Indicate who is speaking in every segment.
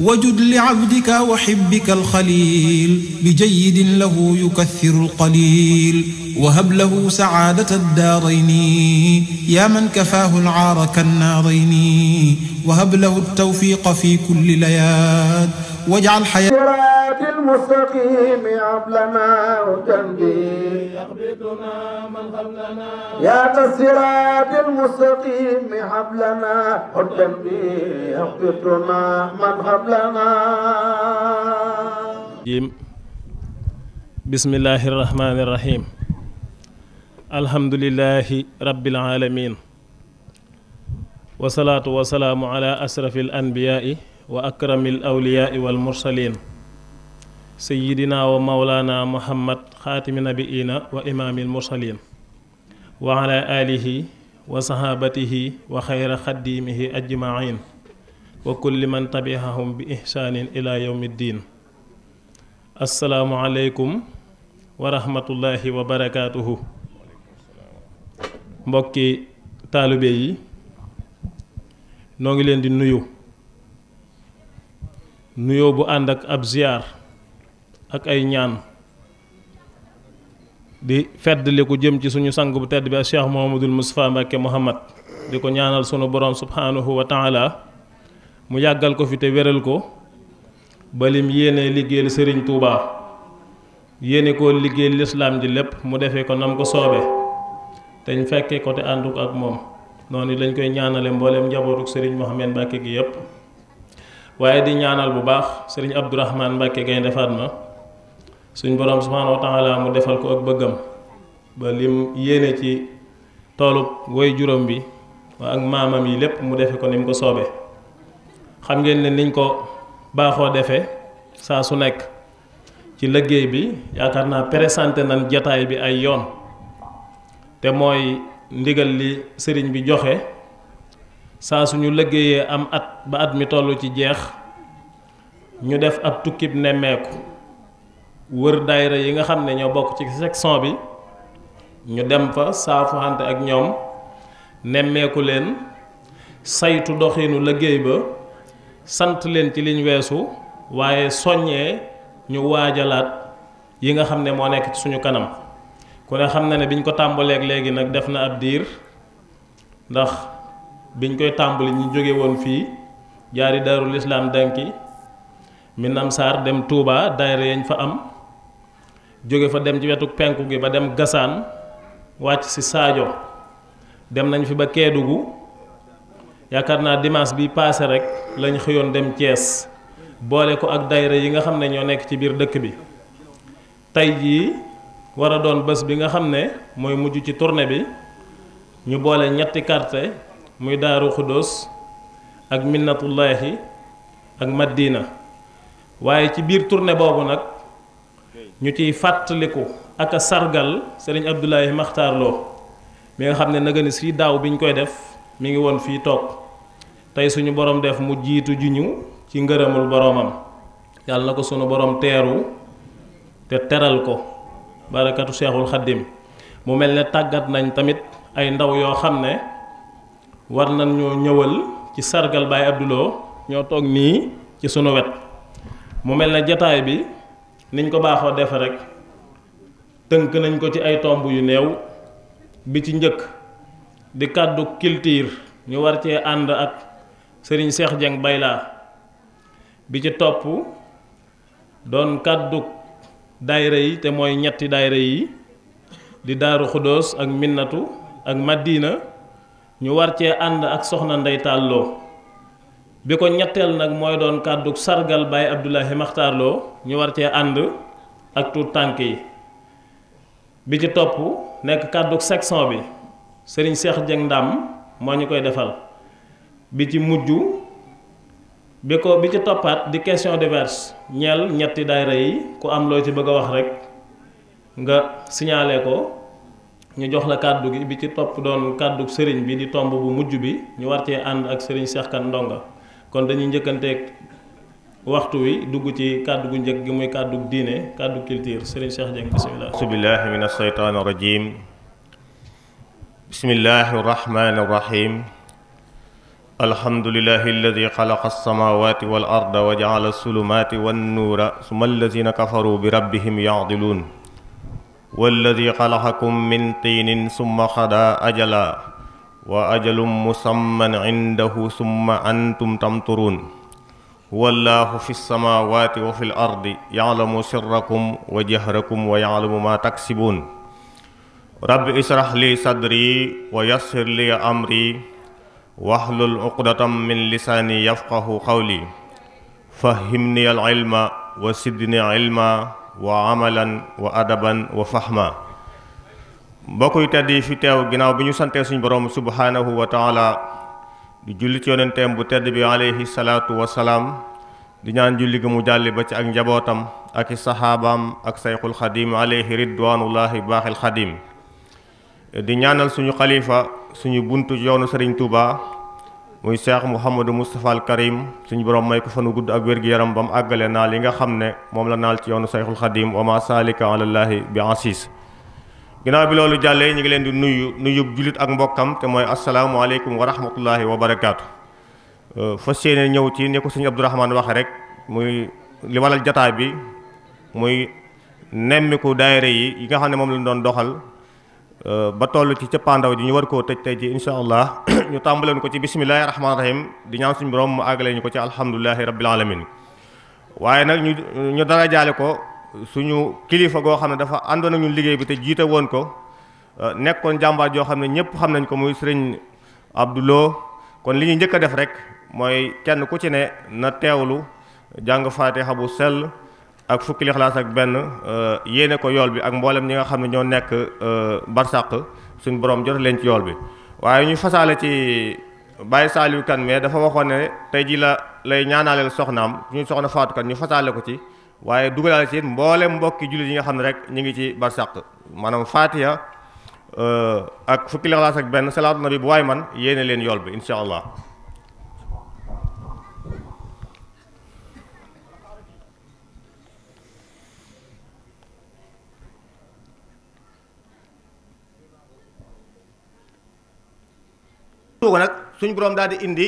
Speaker 1: wajud li abdika wa xibbika alxalil bi jayidin lahu yukathiru alqalil وهب له سعادة الدارين يا من
Speaker 2: كفاه العار كالنارين وهب له التوفيق في كل لياد واجعل حياة
Speaker 3: المستقيم عبلنا
Speaker 4: وجنبي
Speaker 2: يقبضنا من قبلنا يا
Speaker 4: كالصراط المستقيم حبلنا وجنبي يقبضنا من
Speaker 3: قبلنا
Speaker 2: بسم الله الرحمن الرحيم alhamdulilahi rabbil alamin wasalaatu wasalaamu ala asrafi al anbiyaai wa akrami al awliyaai wal mursalin sayidina wa maulana muhammad xaatimi nabiina wa imaami al mursalin wa ala alihi wa sahaabatihi wa xayra xaddiimihi ajmain wa kulli man tabiahum bi ihsaanin ila yowmi ddin asalaamu aleykum wa rahmatullahi wa barakaatuhu mbokki taalibe yi noo ngi leen di nuyu nuyoo bu ànd ak ab ziyaar ak ay ñaan di feddli ku jëm ci suñu sang bu tedd bi ak Cheikh Mouhamadul Moustapha Mbacké Mouhamad di ko ñaanal sunu borom subhanahu wa taala mu yàggal ko fi te wéral ko balim yéene liggéeyal sëriñ tuuba yéene koo liggéeyal lislaam ji lépp mu defee ko nam ko soobe te ñu fekkee ko te ànduk ak moom noonu lañ koy ñaanale mbooleem njabootuk sëriñ Mouhamed Mbacke gi yépp waaye di ñaanal bu baax sëriñ Abdourahman Mbacke Gaynde Fatma suñ borom subhaanahu wa mu defal ko ak bëggam ba lim yéene ci toolub woy juróom bi waa ak maamam yi lépp mu defe ko ni mu ko soobee xam ngeen ne niñ ko baaxoo defee saa su nekk ci liggéey bi yaakaar naa présenté nañ jataay bi ay yoon te mooy ndigal li sëriñ bi joxe saa suñu liggéeyee am at ba at mi toll ci jeex ñu def ab tukkib nemmeeku wër daayira yi nga xam ne ñoo bokk ci section bi ñu dem fa saafuxante ak ñoom nemmeeku leen saytu doxinu liggéey ba sant leen ci liñ weesu waaye soññee ñu waajalaat yi nga xam ne moo nekk ci suñu kanam ku ne xam na ne biñ ko tàmbaleeg léegi nag def na ab diir ndax biñ koy tàmbali ñu jóge woon fii jaari daarul islaam danki minam saar dem Touba daayira yañ fa am jóge fa dem ci wetu penku gi ba dem gasaan wàcc si saajo dem nañ fi ba keedugu yaakaar naa dimanche bi passé rekk lañ xëyoon dem Thiès boole ko ak daayira yi nga xam ne ñoo nekk ci biir dëkk bi tey jii wara doon bés bi nga xam ne mooy mujj ci tournée bi ñu boole ñetti quartier muy Daaru Xuddoos ak Minnatullaahi ak Madina waaye ci biir tournée boobu nag ñu ciy fàttaliku ak a sargal Serigne Abdoulaye Makhtar bi nga xam ne nagani si daaw bi ñu koy def mi ngi woon fii toog tey suñu borom def mu jiitu ju ñu ci ngërëmul boroomam yàlla na ko sunu borom teeru te teral ko. barakatu seexul xaddim mu mel ne tàggat nañ tamit ay ndaw yoo xam ne war nañ ñoo ñëwal ci sargal Baye Abdou Lo ñoo toog nii ci sunu wet mu mel ne jataay bi niñ ko baaxoo defe rekk tënk nañ ko ci ay tomb yu néew bi ci njëkk di kàddu culture ñu war cee ànd ak sëriñ seex Dieng Bayla bi ci topp doon kàddu daayira yi te mooy ñetti daayira yi di daaru xuddoos ak minnatu ak madina ñu war cee ànd ak soxna ndey tàlloo bi ko ñetteel nag mooy doon kàddu sargal baay abdullahi maxtaarloo ñu war cee ànd ak tuut tànk yi bi ci topp nekk kàddu section bi sëriñ seex jëng ndàmm moo ñu koy defal bi ci mujj bi ko bi ci toppaat di question diverse ñeel ñetti daayira yi ku am loo ci bëgg a wax rek nga signalé ko ñu jox la kàddu gi bi ci topp doon kàddu sëriñ bi di tomb bu mujj bi ñu war cee ànd ak sëriñ Cheikh Kane Ndonga kon dañuy njëkkanteeg waxtu wi dugg ci kàddu gu njëkk gi muy kàddu diine kàddu culture sëriñ Cheikh Dieng bisimilah.
Speaker 3: auzu billahi min ashaytaani rajim bismillahi rahmaani alhamdulillahi alladi xalaqa alsamawati wal arda wa jaala alsulumaati wannuura summa allazina kafaru bi rabbihim yaadiluun walladi xalaqakum min tiinin summa xada ajala wa ajalum musamman indahu summa antum tamturuun wallaahu fi lsamawati wa fi l ardi yalamu sirrakum wa jahrakum wa yalamu maa taksibuun rabbi israh li sadri wa yassir li amri waxlul uqdatam min lisaani yafqahu qawli fahimni al ilma wa sidni ilma wa amalan wa adaban wa fahma mbokk tedd yi fi teew ginnaaw bi ñu santee suñu borom subhaanahu wa taala di julli yonenteem bu tedd bi alayhi salaatu wa salaam di ñaan julli gi mu jàlli ba ci ak njabootam ak i saxaabaam ak sayxul xadim alayhi ridwanullahi baaxil xadim di ñaanal suñu xalifa suñu buntu yoonu Serigne Touba muy Cheikh Mouhamadou Moustapha al Karim suñu borom may ko fanu gudd ak wér-gu-yaram ba mu àggale naal yi nga xam ne moom la naal ci yoonu Cheikhul Khadim wa ma salika alallaahi bi asis ginnaaw bi loolu jàllee ñu ngi leen di nuyu nuyub julit ak mbokkam te mooy asalaamualeykum wa rahmatullahi wa barakaatu euh, fas yéene ñëw ci ni ko suñu Abdourahmane waxe rek muy li walal jataay bi muy nemmiku daayira yi yi nga xam ne moom lañ doon doxal Euh, ba toll ci ca cëppaandaw ji ñu war koo tëj tey ji insha allah ñu tàmbaleen ko ci bisimilahi rahmaani rahim di ñaan suñu borom mu àggale ñu ko ci alhamdulilahi rabbil alamin waaye nag ñu ñu dara ko suñu kilifa goo xam ne dafa àndoon ak ñun liggéey bi te jiite woon ko euh, nekkoon jàmbaar joo xam ne ñëpp xam nañ ko muy sëriñ Abdoulo kon li ñu njëkk a def rek mooy kenn ku ci ne na teewlu jàng faatiha bu sell ak fukki lixlaas ak benn euh, yéene ko yool bi ak mbooleem ñi nga xam ne ñoo nekk euh, barsàq suñ borom jot leen ci yool bi waaye ñu fasaale ci Baye Saliou Kane mais dafa waxoon ne tey jii la lay ñaanaaleel soxnaam suñu soxna Fatou Kane ñu fasaale ko ci waaye dugalaale ci mboolem mbokki jullit yi nga xam ne rek ñu ngi ci barsàq maanaam Fatiha euh, ak fukki lixlaas ak benn salaatu nabi bu waay man yéene leen yool bi incha allah ko nag suñ boroom daal di indi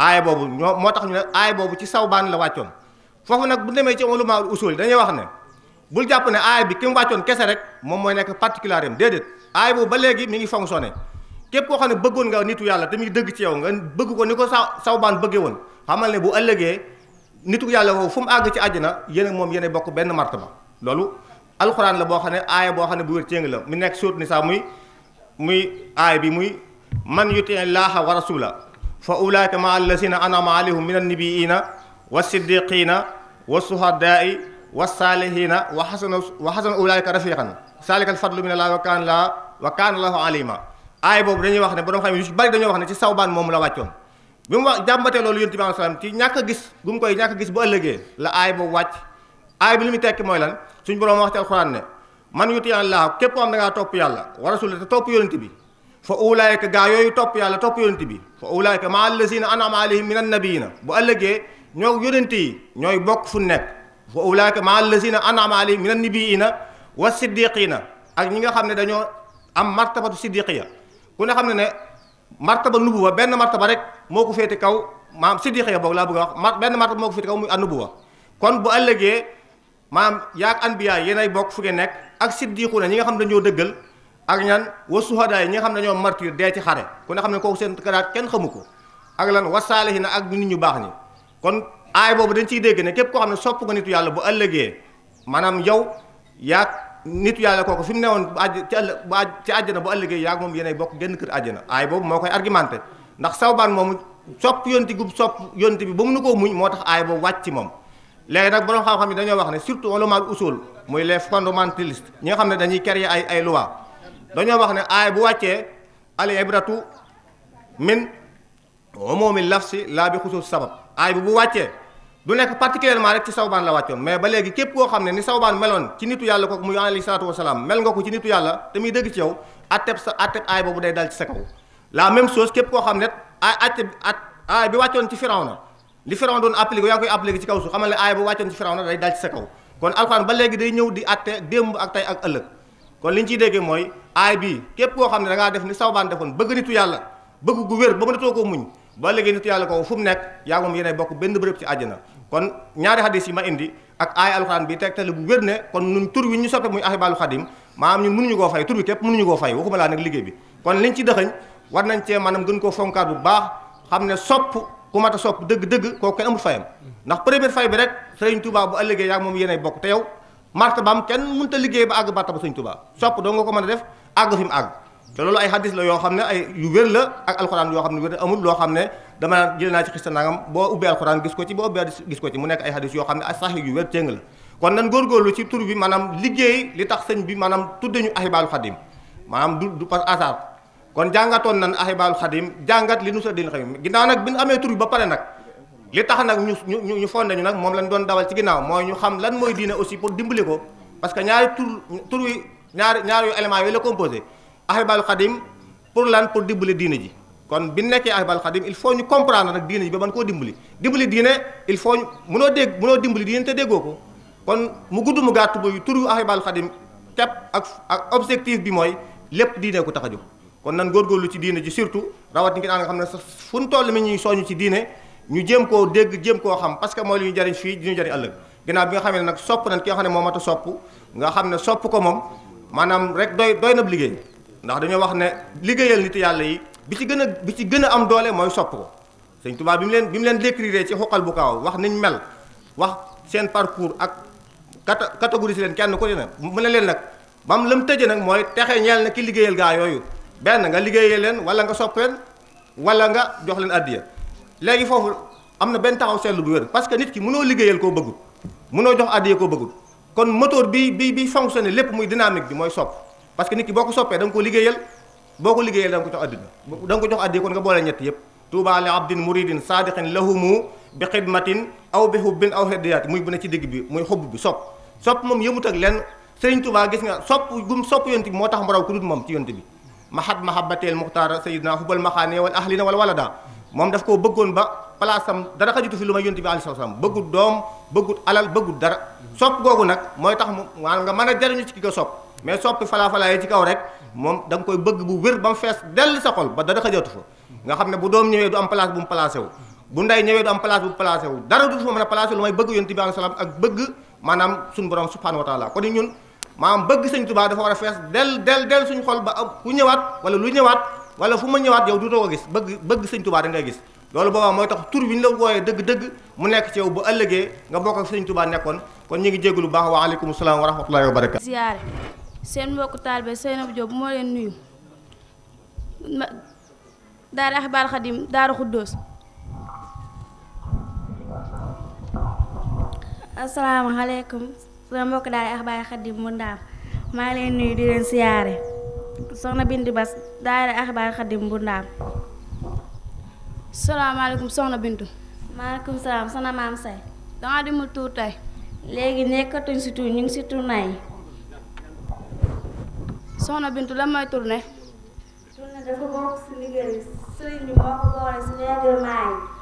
Speaker 3: aaya boobu moo tax ñu ne aaya boobu ci la wàccoon foofu nag bu demee ci ulama usul dañuy wax ne bul jàpp ne aaya bi ki mu wàccoon kese rek moom mooy nekk particulier am déedéet aaya boobu ba léegi mi ngi fonctionné képp koo xam ne bëggoon nga nitu yàlla te mi ngi dëgg ci yow nga bëgg ko ni ko sa sawbaan bëggee woon xamal ne bu ëllëgee nitu yàlla woowu fu mu àgg ci àjjana yéen ak moom yéen bokk benn martaba loolu alxuraan la boo xam ne aay boo xam ne bu wér céng la mu nekk sóot ni sax muy muy aaya bi muy man yuti llaaha wa rasula fa ulaika ma allazina anama alayhum min annabiina wa siddiqina wa suhadaai wa saalihina wa xasana wa xasana ulaika rafiqan saalika alfadlu min allaah wa kaana laa wa kaana laahu alima aay boobu dañuy wax ne borom xam yu ci bari dañoo wax ne ci sawbaan moom la wàccoon bi mu wax jàmbatee ñàkk a gis koy ñàkk a gis bu ëllëgee la aay boobu wàcc aay bi li muy tekki mooy lan suñ borom wax ci alxuraan ne man yuti allaaha képp ko am da ngaa yàlla wa rasula te topp yonent bi fa ulaayka gaa yooyu topp yàlla topp yonent bi fa ulaayka maa allazina anama alayhim min annabiyina bu ëllëgee ñoo yonent yi ñooy bokk fu nekk fa ulaayka maa allazina anama alayhim min annabiyina wa siddiqina ak ñi nga xam ne dañoo am martabatu siddiqiya ku ne xam ne ne martaba nubuwa benn martaba rek moo ko féete kaw maam siddiqiya boog laa bëgg a wax benn martaba moo ko féete kaw muy annubuwa kon bu ëllëgee maam yaag anbiya yéenay bokk fu ngeen nekk ak siddiquna ñi nga xam ne dañoo dëggal ak ñan wa suhadaa yi ñi nga xam ne ñoom martyr dee ci xare ku ne xam ne kooku seen garaat kenn xamu ko ak lan wa na ak nit ñu baax ñi kon aay boobu dañ ciy dégg ne képp koo xam ne sopp nga nit yàlla bu ëllëgee maanaam yow yaag nitu yàlla kooku fi mu newoon bu àjj ci ëllë bu àjj ci àjjana bu ëllëgee yaag moom yéenay bokk genn kër àjjana aay boobu moo koy argumenté ndax sawbaan moomu sopp yonti gub sopp yonti bi ba mu nu koo muñ moo tax aay boobu wàcc ci moom léegi nag borom xam-xam yi wax ne surtout ulama usul muy les fondamentalistes ñi nga xam ne dañuy créer ay ay lois dañoo wax ne aaya bu wàccee al ibratu min umumi lafsi laa bi xusuus sabab aaya bi bu wàccee du nekk particulièrement rek ci sawbaan la wàccoon mais ba léegi képp koo xam ne ni sawbaan meloon ci nitu yàlla kooku muy alayhi salaatu wasalaam mel nga ko ci nitu yàlla te muy dëgg ci yow atteb sa atteb aay boobu day dal ci sa kaw la même chose képp koo xam ne ay atte at aay bi wàccoon ci Firawna li Firawna doon appliqué yaa koy appliqué ci kaw su xamal ne aay bu wàccoon ci Firawna day dal ci sa kaw ba léegi day ñëw di atte démb ak tey ak ëllëg kon li ñu ciy déggee mooy aay bii képp koo xam ne da ngaa def ni sawbaan defoon bëgg nitu yàlla bëgg gu wér ba mënatoo ko muñ ba léegi nitu yàlla koo fu mu nekk yaa moom yéenay bokk benn bërëb ci àjjana kon ñaari hadis yi ma indi ak aay alxuraan bi tegtale bu wér ne kon ñun tur wi ñu soppe muy ahibaalu maanaam ñun mënuñu koo fay tur wi képp mënuñu koo fay waxuma laa nag liggéey bi kon liñ ci maanaam gën koo fonkaat bu baax xam ne sopp ku mat a sopp dëgg-dëgg kooku kenn fayam ndax première fay bi rek Sëriñ Tuubaa bu ëllëgee yaa moom yéenay bokk te yow martabaam kenn mënut a liggéey ba àgg martaba Sëñ Tuubaa sopp doo nga ko mën a def àgg fi àgg te loolu ay hadis la yoo xam ne ay yu wér la ak alxuraan yoo xam ne wér amul loo xam ne dama naan jël naa ci xista nangam boo ubbee alxuraan gis ko ci boo ubbee hadis gis ko ci mu nekk ay hadis yoo xam ne ay sax yu wér téng la kon nan góorgóorlu ci tur bi maanaam liggéey li tax sëñ bi maanaam tuddañu ahibaalu xadim maanaam du du pas hasard kon jàngatoon nan ahibaalu xadim jàngat li nu sa din xam nag bi nu amee tur ba pare nag li tax nag ñu ñu ñu fonde ñu nag moom lañ doon dawal ci ginnaaw mooy ñu xam lan mooy diine aussi pour dimbale ko parce que ñaari tur tur wi ñaari ñaari yu éléments yooyu la composé ahibal xadim pour lan pour dimbale diine ji kon bi nekkee ahibal xadim il faut ñu comprendre nag diine ji ba man koo dimbali dimbali diine il faut ñu mënoo dégg mënoo dimbali diine te déggoo ko kon mu gudd mu gàtt bu tur yu ahibal xadim képp ak ak objectif bi mooy lépp diine ko tax a jóg kon nan ci diine ji surtout rawat ni nga xam ne sax fu ñu toll mi ñuy soñu ci ñu jëm koo dégg jëm koo xam parce que mooy li ñu jariñ fii di ñu jariñ ëllëg ginnaaw bi nga xamee nag sopp nañ ki nga xam ne moo mat a sopp nga xam ne sopp ko moom maanaam rek doy doy na liggéey ndax dañoo wax ne liggéeyal nit yàlla yi bi ci gën a bi ci gën a am doole mooy sopp ko sëñ Tuubaa bi mu leen bi mu leen décrire ci xuqal bu kaaw wax niñ mel wax seen parcours ak cata catégorie si leen kenn ku ne nag mu ne leen nag ba mu la mu tëjee nag mooy texe ñeel na ki liggéeyal gaa yooyu benn nga liggéeyee leen wala nga sopp wala nga jox leen addiya léegi foofu am na benn taxaw seetlu bu wér parce que nit ki mënoo liggéeyal koo bëggul mënoo jox addiya koo bëggul kon moteur bi bi bi fonctionné lépp muy dynamique bi mooy sopp parce que nit ki boo ko soppee da nga ko liggéeyal boo ko liggéeyal da nga ko jox addina da nga bi xidmatin aw bi hubbin aw hadiyaat muy bu ne ci digg bi muy xubb bi sopp sopp moom yëmut ak moo tax mu raw ku dut moom ci yonte bi mahat mahabateel muxtaara sayidna hubal maxaane wal ahlina wal walada moom daf koo bëggoon ba place am dara xajutu fi lu may yonent bi alayhi salaam bëggut doom bëggut alal bëggut dara sopp googu nag mooy tax mu maanaam nga mën a jariñu ci ki ko mais soppi falaa falaa yi ci rek moom da nga bëgg bu wér fees dell sa xol ba dara xajatu fa nga xam ne bu doom ñëwee du am place bu mu wu bu ndey ñëwee du am place wu dara du fa mën a placé lu may bëgg yonent bi ak bëgg maanaam suñu borom subhanahu wa taala kon ñun maanaam bëgg sëñ Tuubaa dafa war a fees del del del suñ xol ba ku ñëwaat wala lu ñëwaat wala fu ma ñëwaat yow duutoo ko gis bëgg bëgg sëñ tubaa da gis loolu boobaa mooy tax tur wi ñu la wooyee dëgg-dëgg mu nekk ci yow bu ëllëgee nga bokk ak sëñ tubaa nekkoon kon ñu ngi jégalu baax wa aleykum salaam wa rahmatullahi wa barakatu
Speaker 5: ziyaare seen mbokku taalibe Seynabou Diop moo sama mbokk daara Axbaar Xadim mu ndaam maa leen nuyu di leen siyaare soxna ba Bas daayira axbaar xadim bu ndaam salaamaaleykum soxna Bintu. maaleykum salaam soxna maam say. danga demul tuur tey. léegi nekkatuñ si tuur ñu ngi si tournée yi. soxna Bintu lan mooy tournée. tournée dafa bokk si liggéey sëriñ bi moo ko boole si règlement yi.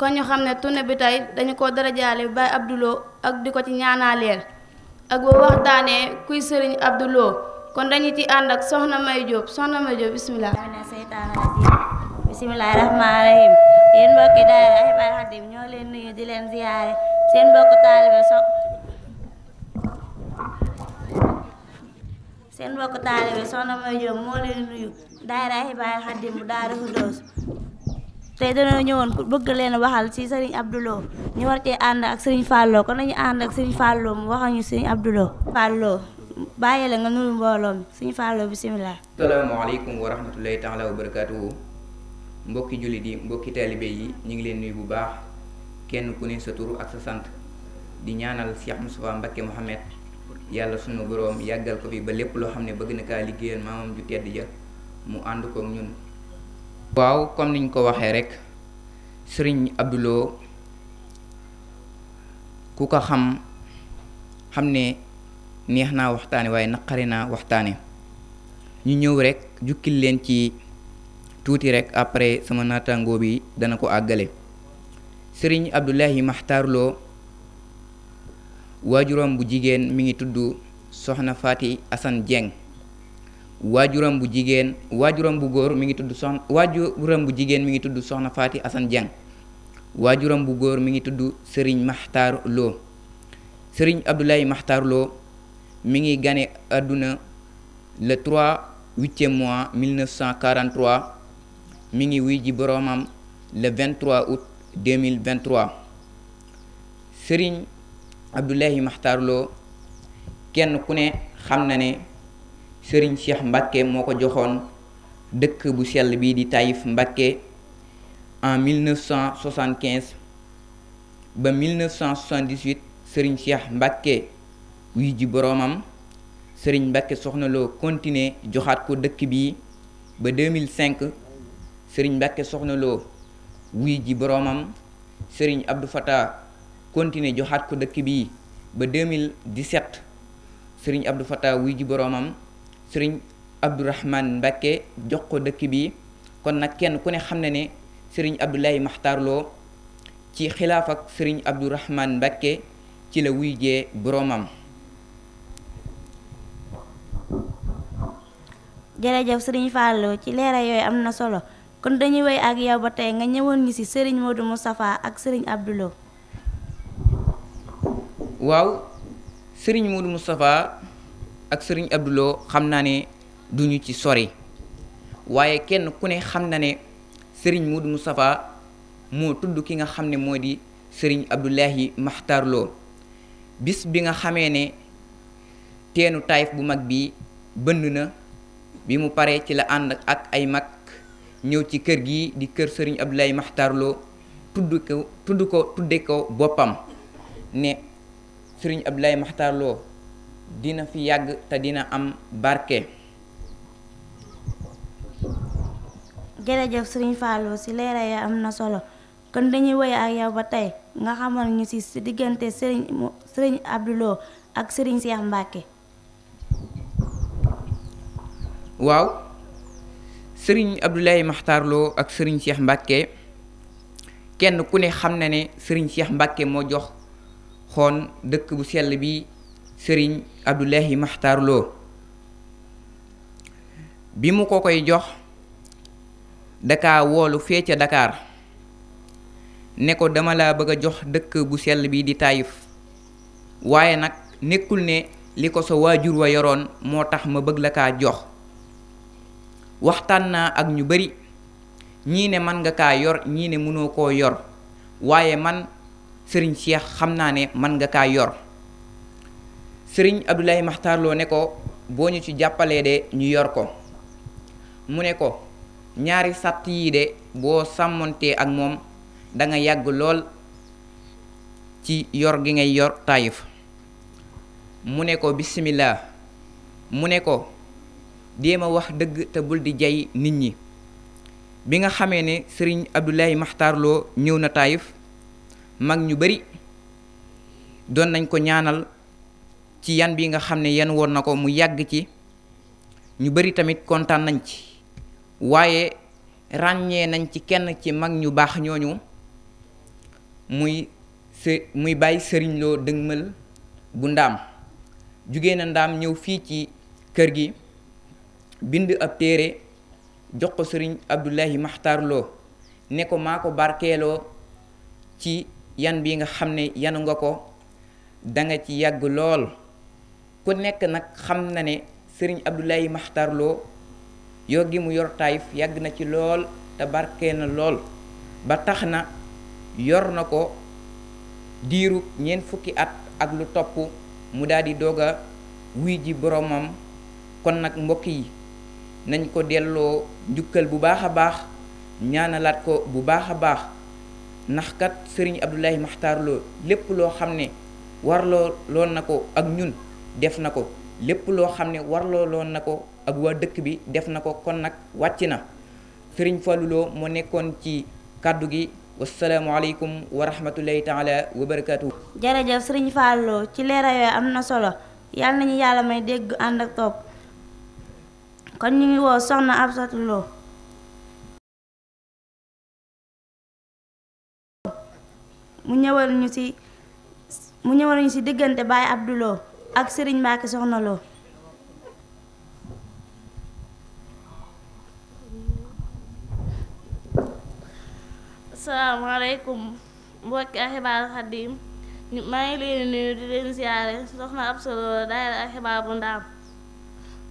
Speaker 5: kon ñu xam ne tournée bi tey dañu ko darajaale Baye Abdou Lo ak di ko ci ñaanaaleel ak bu waxtaanee kuy sëriñ Abdou kon dañu ci ànd ak soxna May Diop soxna May Diop bisimilah. bisimilah rahmaani rahiim yéen mbokki daara Ahibahil Khadim ñoo leen nuyu di leen ziyaare seen mbokk taalibe so soxna May Diop moo leen nuyu daara Ahibahil Khadim bu Daaru Xudoos tey dañoo ñëwoon pour bëgg leen waxal ci Serigne Abdou Lo ñu war cee ànd ak Serigne Fallou kon nañu ànd ak Serigne Fallou mu waxal ñu Serigne Abdou Lo Fallou bàyyi la nga nuyu mbooloo mi Serigne Fallou bisimilah.
Speaker 6: salaamaaleykum wa rahmatulahi taala wa barakaatuhu mbokki jullit yi mbokki taalibe yi ñu ngi leen nuyu bu baax kenn ku ne sa tur ak sa sant di ñaanal Cheikh Moustapha Mbacké Mouhamed yàlla sunu boroom yàggal ko fi ba lépp loo xam ne bëgg na kaa liggéeyal maamam ju tedd ja mu ànd koog waaw comme niñ ko waxee rek sëriñ Abdou ku ko xam xam ne neex naa waxtaane waaye naqari naa waxtaane ñu ñëw rek jukkil leen ci tuuti rek après sama naataangoo bi dana ko àggale sëriñ Abdoulahi Makhtar Lo waajuram bu jigéen mi ngi tudd soxna Faati Assane Dieng waajuram bu jigéen waajuram bu góor mi ngi tudd soxna waajuram bu jigéen mi ngi tudd soxna Faati Asan Jang waajuram bu góor mi ngi tudd Serigne Maxtaar Lo sëriñ Abdoulaye Maxtaar Lo mi ngi gane àdduna le 3 huitième mois 1943 mi ngi wuy ji boroomam le 23 août 2023 Serigne Abdoulaye Maxtaar Lo kenn ku ne xam na ne. sëriñ Cheikh Mbacke moo ko joxoon dëkk bu sell bii di Taïf Mbacke en 1975 ba 1978 sëriñ Cheikh Mbacke wuy ji boroomam sëriñ Mbacke soxna loo joxaat ko dëkk bii ba 2005 sëriñ Mbacke soxna loo wuy ji boroomam sëriñ Abdou Fata continuer joxaat ko dëkk bii ba 2017 sëriñ abdu Fata wuy ji boroomam. sëriñ Abdourahman Mbacke jox ko dëkk bi kon nag kenn ku ne xam ne ne sëriñ Abdoulaye Makhtar Lo ci xilaaf ak sëriñ Abdourahman Mbacke ci la wuy jee boromam.
Speaker 5: jërëjëf sëriñ Fallou ci leeral yooyu am na solo kon dañuy wéy ak yow ba tey nga ñëwoon ñu ci sëriñ Modou Moustapha ak sëriñ Abdou Lo
Speaker 6: waaw sëriñ Modou Moustapha ak sëriñ Abdou xam naa ne duñu ci sori waaye kenn ku ne xam na ne sëriñ Modou Moustapha moo tudd ki nga xam ne moo di sëriñ Abdoulahi Makhtar Lo bis bi nga xamee ne teenu Taif bu mag bi bënd na bi mu paree ci la ànd ak ay mag ñëw ci kër gi di kër sëriñ Abdoulahi Makhtar Lo tudd ko tudd ko tudde ko boppam ne sëriñ Abdoulahi Makhtar Lo dina fi yàgg te dina am barke
Speaker 5: jërëjëf sëriñ Fallou ci leera ya am na solo kon dañuy woy ak yow ba tey nga xamal ñu ci si diggante sëriñ sëriñ ak sëriñ seex Mbacke
Speaker 6: waaw sëriñ Abdoulaye maxtarloo ak sëriñ Cheikh mbàkke kenn ku ne xam na ne sëriñ Cheikh Mbacke moo jox xoon dëkk bu sell bii sëriñ Abdoulahi Maxtaar Lo bi mu ko koy jox daka woolu fee ca Dakar ne ko dama laa bëgg a jox dëkk bu sell bi di Taïf waaye nag nekkul ne li ko sa waajur wa yoroon moo tax ma bëgg la kaa jox waxtaan naa ak ñu bari ñii ne man nga kaa yor ñii ne mënoo koo yor waaye man sëriñ Cheikh xam naa ne man nga kaa yor sëriñ Abdoulaye Makhtar Lo ne ko boo ñu ci jàppalee de ñu yor ko mu ne ko ñaari sàtt yii de boo sàmmoontee ak moom da nga yàgg lool ci yor gi ngay yor taayif mu ne ko bisimilah mu ne ko déem a wax dëgg te bul di jay nit ñi bi nga xamee ne sëriñ Abdoulaye Makhtar Lo ñëw na taayif mag ñu bari doon nañ ko ñaanal ci yan bi nga xam ne yan woon na ko mu yàgg ci ñu bari tamit kontaan nañ ci waaye ràññee nañ ci kenn ci mag ñu baax ñooñu muy se muy bàyyi sëriñ loo dëgmal bu ndaam jugee na ndaam ñëw fii ci kër gi bind ab téere jox ko sëriñ Abdullahi Maxtaar Lo ne ko maa ko barkeeloo ci yan bi nga xam ne yanu nga ko danga ci yàgg lool ko nekk nag xam na ne sëriñ Abdoulaye Makhtar Lo gi mu yor Taif yàgg na ci lool te barkee na lool ba tax na yor na ko diiru ñeent fukki at ak lu topp mu daal di wuy ji boroomam kon nag mbokk yi nañ ko delloo njukkal bu baax a baax ñaanalaat ko bu baax a baax ndax kat sëriñ Abdoulaye Makhtar lépp loo xam ne warloo loon na ko ak ñun def na ko lépp loo xam ne warloo loon na ko ak waa dëkk bi def na ko kon nag wàcc na sëriñ Fallou Lo moo nekkoon ci kàddu gi wasalaamualeykum wa rahmatulahi taala wa barakaatu. jërëjëf
Speaker 5: sëriñ Fallou ci leeral am na solo yàlla nañu yàlla may dégg ànd ak topp kon ñu ngi woo soxna Absatou Lo mu ñëwal ñu ci mu ci diggante ak sëriñ Mbacke Soxna Lo asalaamaaleykum mbokki ak xibaar xaddiim maa ngi leen di di leen siyaare soxna ab solo daayira ak xibaar bu ndaam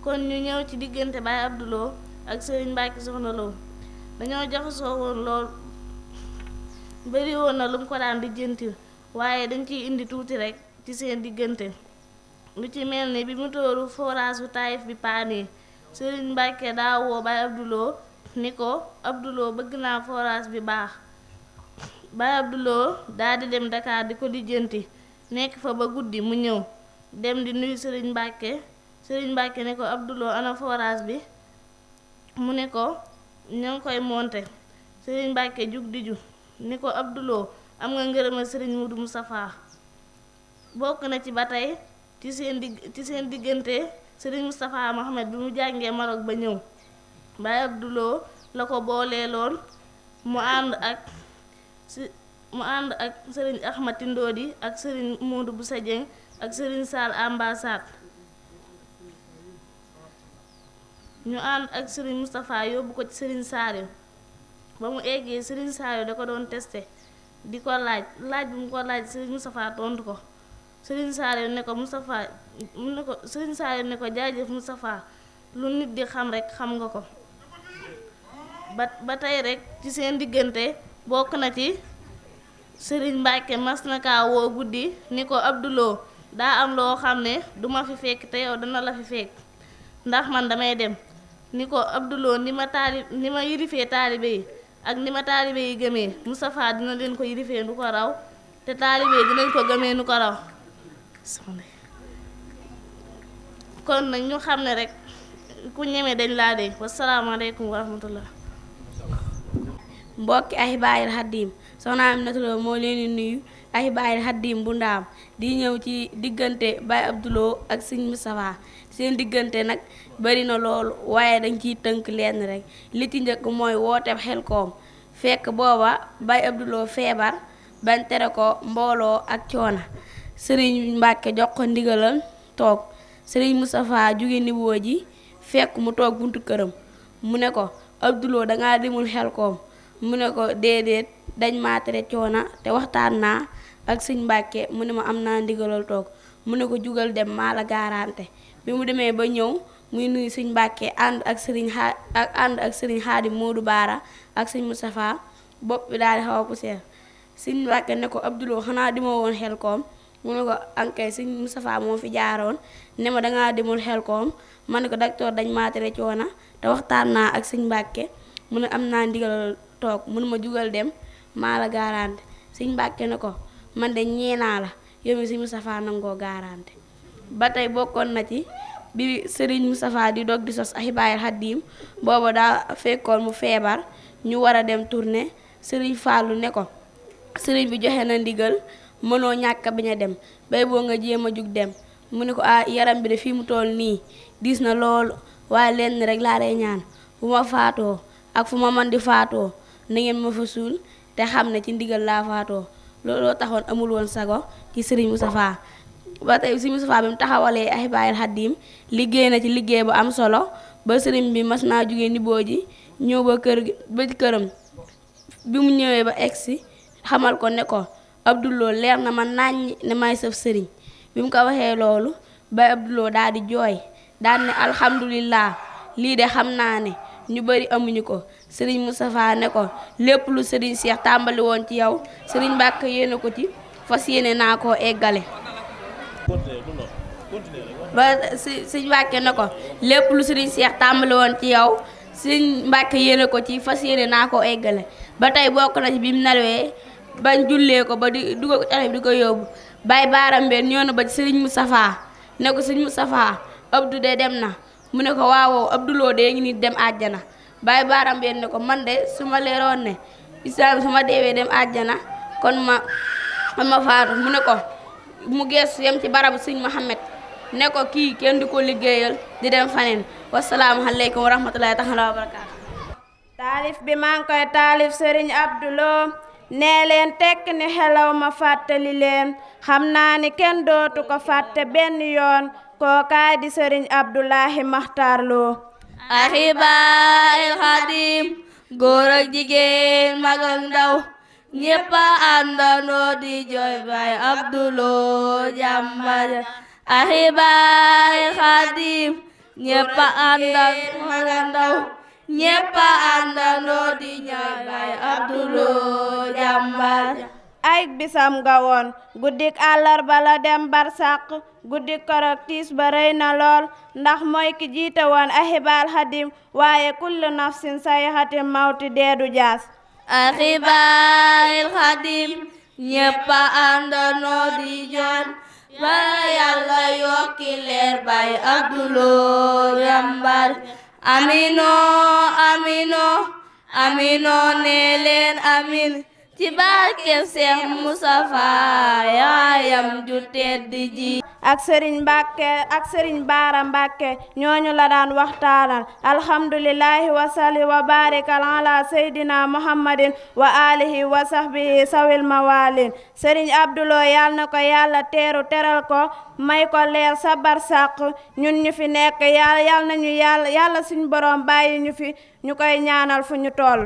Speaker 5: kon ñu ñëw ci diggante Baye Abdou ak sëriñ Mbacke Soxna Lo dañoo jaxasoo woon lool bëri woon na lu mu ko daan di waaye dañ ciy indi tuuti rekk ci seen diggante lu ci mel ni bi motooru forage bu Taïf bi paanee Serigne Mbacke daa woo Baye ni ko Abdoulou bëgg naa forage bi baax Baye Abdoulou daa dem Dakar di ko lijjanti nekk fa ba guddi mu ñëw dem di nuyu Serigne Mbacke sëriñ Mbacke ne ko Abdoulou ana forage bi mu ne ko ñoo koy monte Serigne Mbacke jug di ni ko abduloo am nga ngërëmal Serigne Moudou Moustapha bokk na ci ba tey ci seen digg ci seen diggante sëriñ Moustapha Mohamed bi mu jàngee Maroc ba ñëw Baye loo la ko booleeloon mu ànd ak si mu ànd ak sëriñ Ahmad Tindoodi ak sëriñ Moodu Boussa Dieng ak sëriñ Sall ambassade ñu ànd ak sëriñ Moustapha yóbbu ko ci sëriñ Saalim ba mu eggee sëriñ Saalim da ko doon teste di ko laaj laaj bu mu ko laaj sëriñ Moustapha tontu ko Serigne Saliou ne ko Moustapha mu ne ko Serigne Saliou ne ko jaajëf Moustapha lu nit di xam rek xam nga ko ba ba tey rekk ci seen diggante bokk na ci sëriñ mbàkke mas na kaa woo guddi ni ko Abdoulou daa am loo xam ne du ma fi fekk te yow dana la fi fekk ndax man damay dem ni ko Abdoulou ni ma taali ni ma yirifee taalibe yi ak ni ma taalibe yi gëmee Moustapha dina leen ko yirifee nu ko raw te taalibe yi dinañ ko gëmee nu ko raw soxna kon nag ñu xam ne rekk ku ñeme dañ laa dénk wasalaamaaleykum wa rahmatullah mbokki Ahibahil Khadim soxna Aminata Lo moo leen di nuyu Ahibahil Khadim bu ndaam di ñëw ci diggante Baye Abdoulo ak Sëñ Moustapha seen diggante nag bari na loolu waaye dañ ciy tënk lenn rekk li ci njëkk mooy wooteeb xel koom fekk booba Baye Abdoulo feebar bañ tere ko mbooloo ak coona sëriñ Mbàkke jox ko ndigalal toog sëriñ Moustapha jóge niwoo ji fekk mu toog buntu këram mu ne ko Abdoulou dangaa demul xel koom mu ne ko déedéet dañ maa coona te waxtaan naa ak sëñ Mbàkke mu ne ma am naa ndigalal toog mu ne ko jugal dem maa la gaarante bi mu demee ba ñëw muy nuyu sëñ Mbàkke ànd ak sëriñ xaa ak ànd ak sëriñ Xaadim Moodu Baara ak sëñ Moustapha bopp bi daal di xaw puseer sëñ Mbàkke ne ko Abdoulou xanaa dima woon xel koom mu ne ko ankay si Moustapha moo fi jaaroon ne ma dangaa demul xel koom ma ne ko docteur dañ maa tere coona te waxtaan naa ak sëñ Mbàkke mu ne am naa ndigal toog mu ne ma jugal dem maa la gaarante sëñ Mbàkke ne ko man de ñeenaa la yow mi sëñ Moustapha nangoo gaarante ba tey bokkoon na ci bi Serigne Moustapha di dog di sos Ahibahil Khadim booba daa fekkoon mu feebar ñu war a dem tournée sëriñ Fallou ne ko Serigne bi joxe na ndigal mënoo ñàkk bi a dem bay boo nga jéem a jug dem mu ne ko ah yaram bi de fii mu tool nii diis na loolu waaye lenn rek laa lay ñaan fu ma faatoo ak fu ma man di faatoo na ngeen ma fa suul te xam ne ci ndigal laa faatoo looloo taxoon amul woon sago ci Serigne Moustapha ba tey Serigne Moustapha bi mu taxawalee Ahibahil Khadim liggéey na ci liggéey bu am solo ba sëriñ bi mas naa jóge niboo ji ñëw ba kër ba këram bi mu ñëwee ba egsi xamal ko ne ko abduloo leer na ma naññ ne may saf sëriñ bi mu ko waxee loolu bay abduloo daal jooy daal ne alhamdulilah lii de xam naa ne ñu bari amuñu ko sëriñ Moustapha ne ko lépp lu sëriñ Cheikh tàmbali woon ci yow sëriñ Mbàkke yéene ko ci fas yéene naa koo eggale ba sëriñ Mbàkke ko lépp lu sëriñ Cheikh tàmbali ci yow sëriñ Mbàkke ko ci fas yéene naa koo eggale ba tey bokk na ci bi nelawee bañ jullee ko ba di dugal ko ci bi di ko yóbbu bàyyi baara mbeen ñoo na ba sëriñ Moustapha ne ko sëriñ Moustapha Abdou de dem na mu ne ko waawoo Abdou Lo de ngi ni dem àjjana bàyyi baara ne ko man de su ma leeroon ne islam su ma deewee dem àjjana kon ma kon ma faatu mu ne ko mu geesu yem ci barabu siñ Mohamed ne ko kii kenn di ko liggéeyal di dem faneen wasalaamualeykum wa rahmatullahi taala wa barakaatu taalif bi maa ngi koy taalif sëriñ Abdou nee leen tekk ni xelaw ma fàttali leen xam naa ni kenn dootu ko fàtte benn yoon kookaay di sëriñ Abdoulahi Makhtar Lo axibaay xadim góor jigéen mag ak ndaw di jooy baay Abdulo jàmmal axibaay xadim ñépp a àndandoo ñépp àndandoo di ñooy bay Abdulo jàmbar ay bisam nga woon guddik àllarba la dem barsàq guddik korok ba rey na lool ndax moy ki jiite woon axibaal xadim waaye kullu nafsin sayxati mawti deedu jaas axibaal xadim ñépp àndandoo di jooy ba yàlla yokki leer bay Abdulo jàmbar amino amino amino ne leen amin ci barkeb Seex Mustafa yaayam ju tedd ji ak sëriñ Mbàkke ak sëriñ Baara Mbàkke ñooñu la daan waxtaanal alhamdulillahi wa salli wa barikal ala seydina muhammadin wa alihi wa sahbihi sawil mawalin sëriñ Abdulo yal na ko yàlla teeru teral ko may ko leer sa barsàq ñun ñu fi nekk yàlla yal yàlla yàlla borom bàyyi ñu fi ñu koy ñaanal fu ñu toll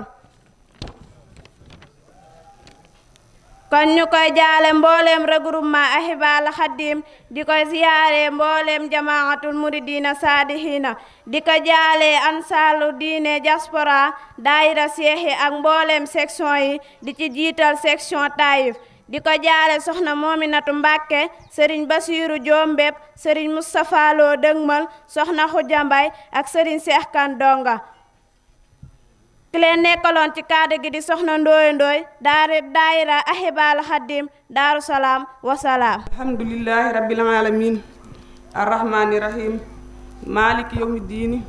Speaker 5: kon ñu koy jaale mbooleem regroupement Ahibahil Khadim di koy ziyaare mbooleem jamaatul muridina saadihina di ko jaale ansaalu diine diaspora daayira seexi ak mbooleem section yi di ci jiital section Taïf di ko jaale soxna Moominatu Mbàkke sëriñ Basiiru Joombéb sëriñ Moustapha Lo dëgmal soxna Xuja Mbay ak sëriñ Seex Kan Donga ki leen nekkaloon ci kaada gi di soxna ndooy ndooy daari daayira ahibaal xaddim daaru salaam wasalaam
Speaker 7: alhamdulillahi rabbil alamin arrahmaani rahim maliki diini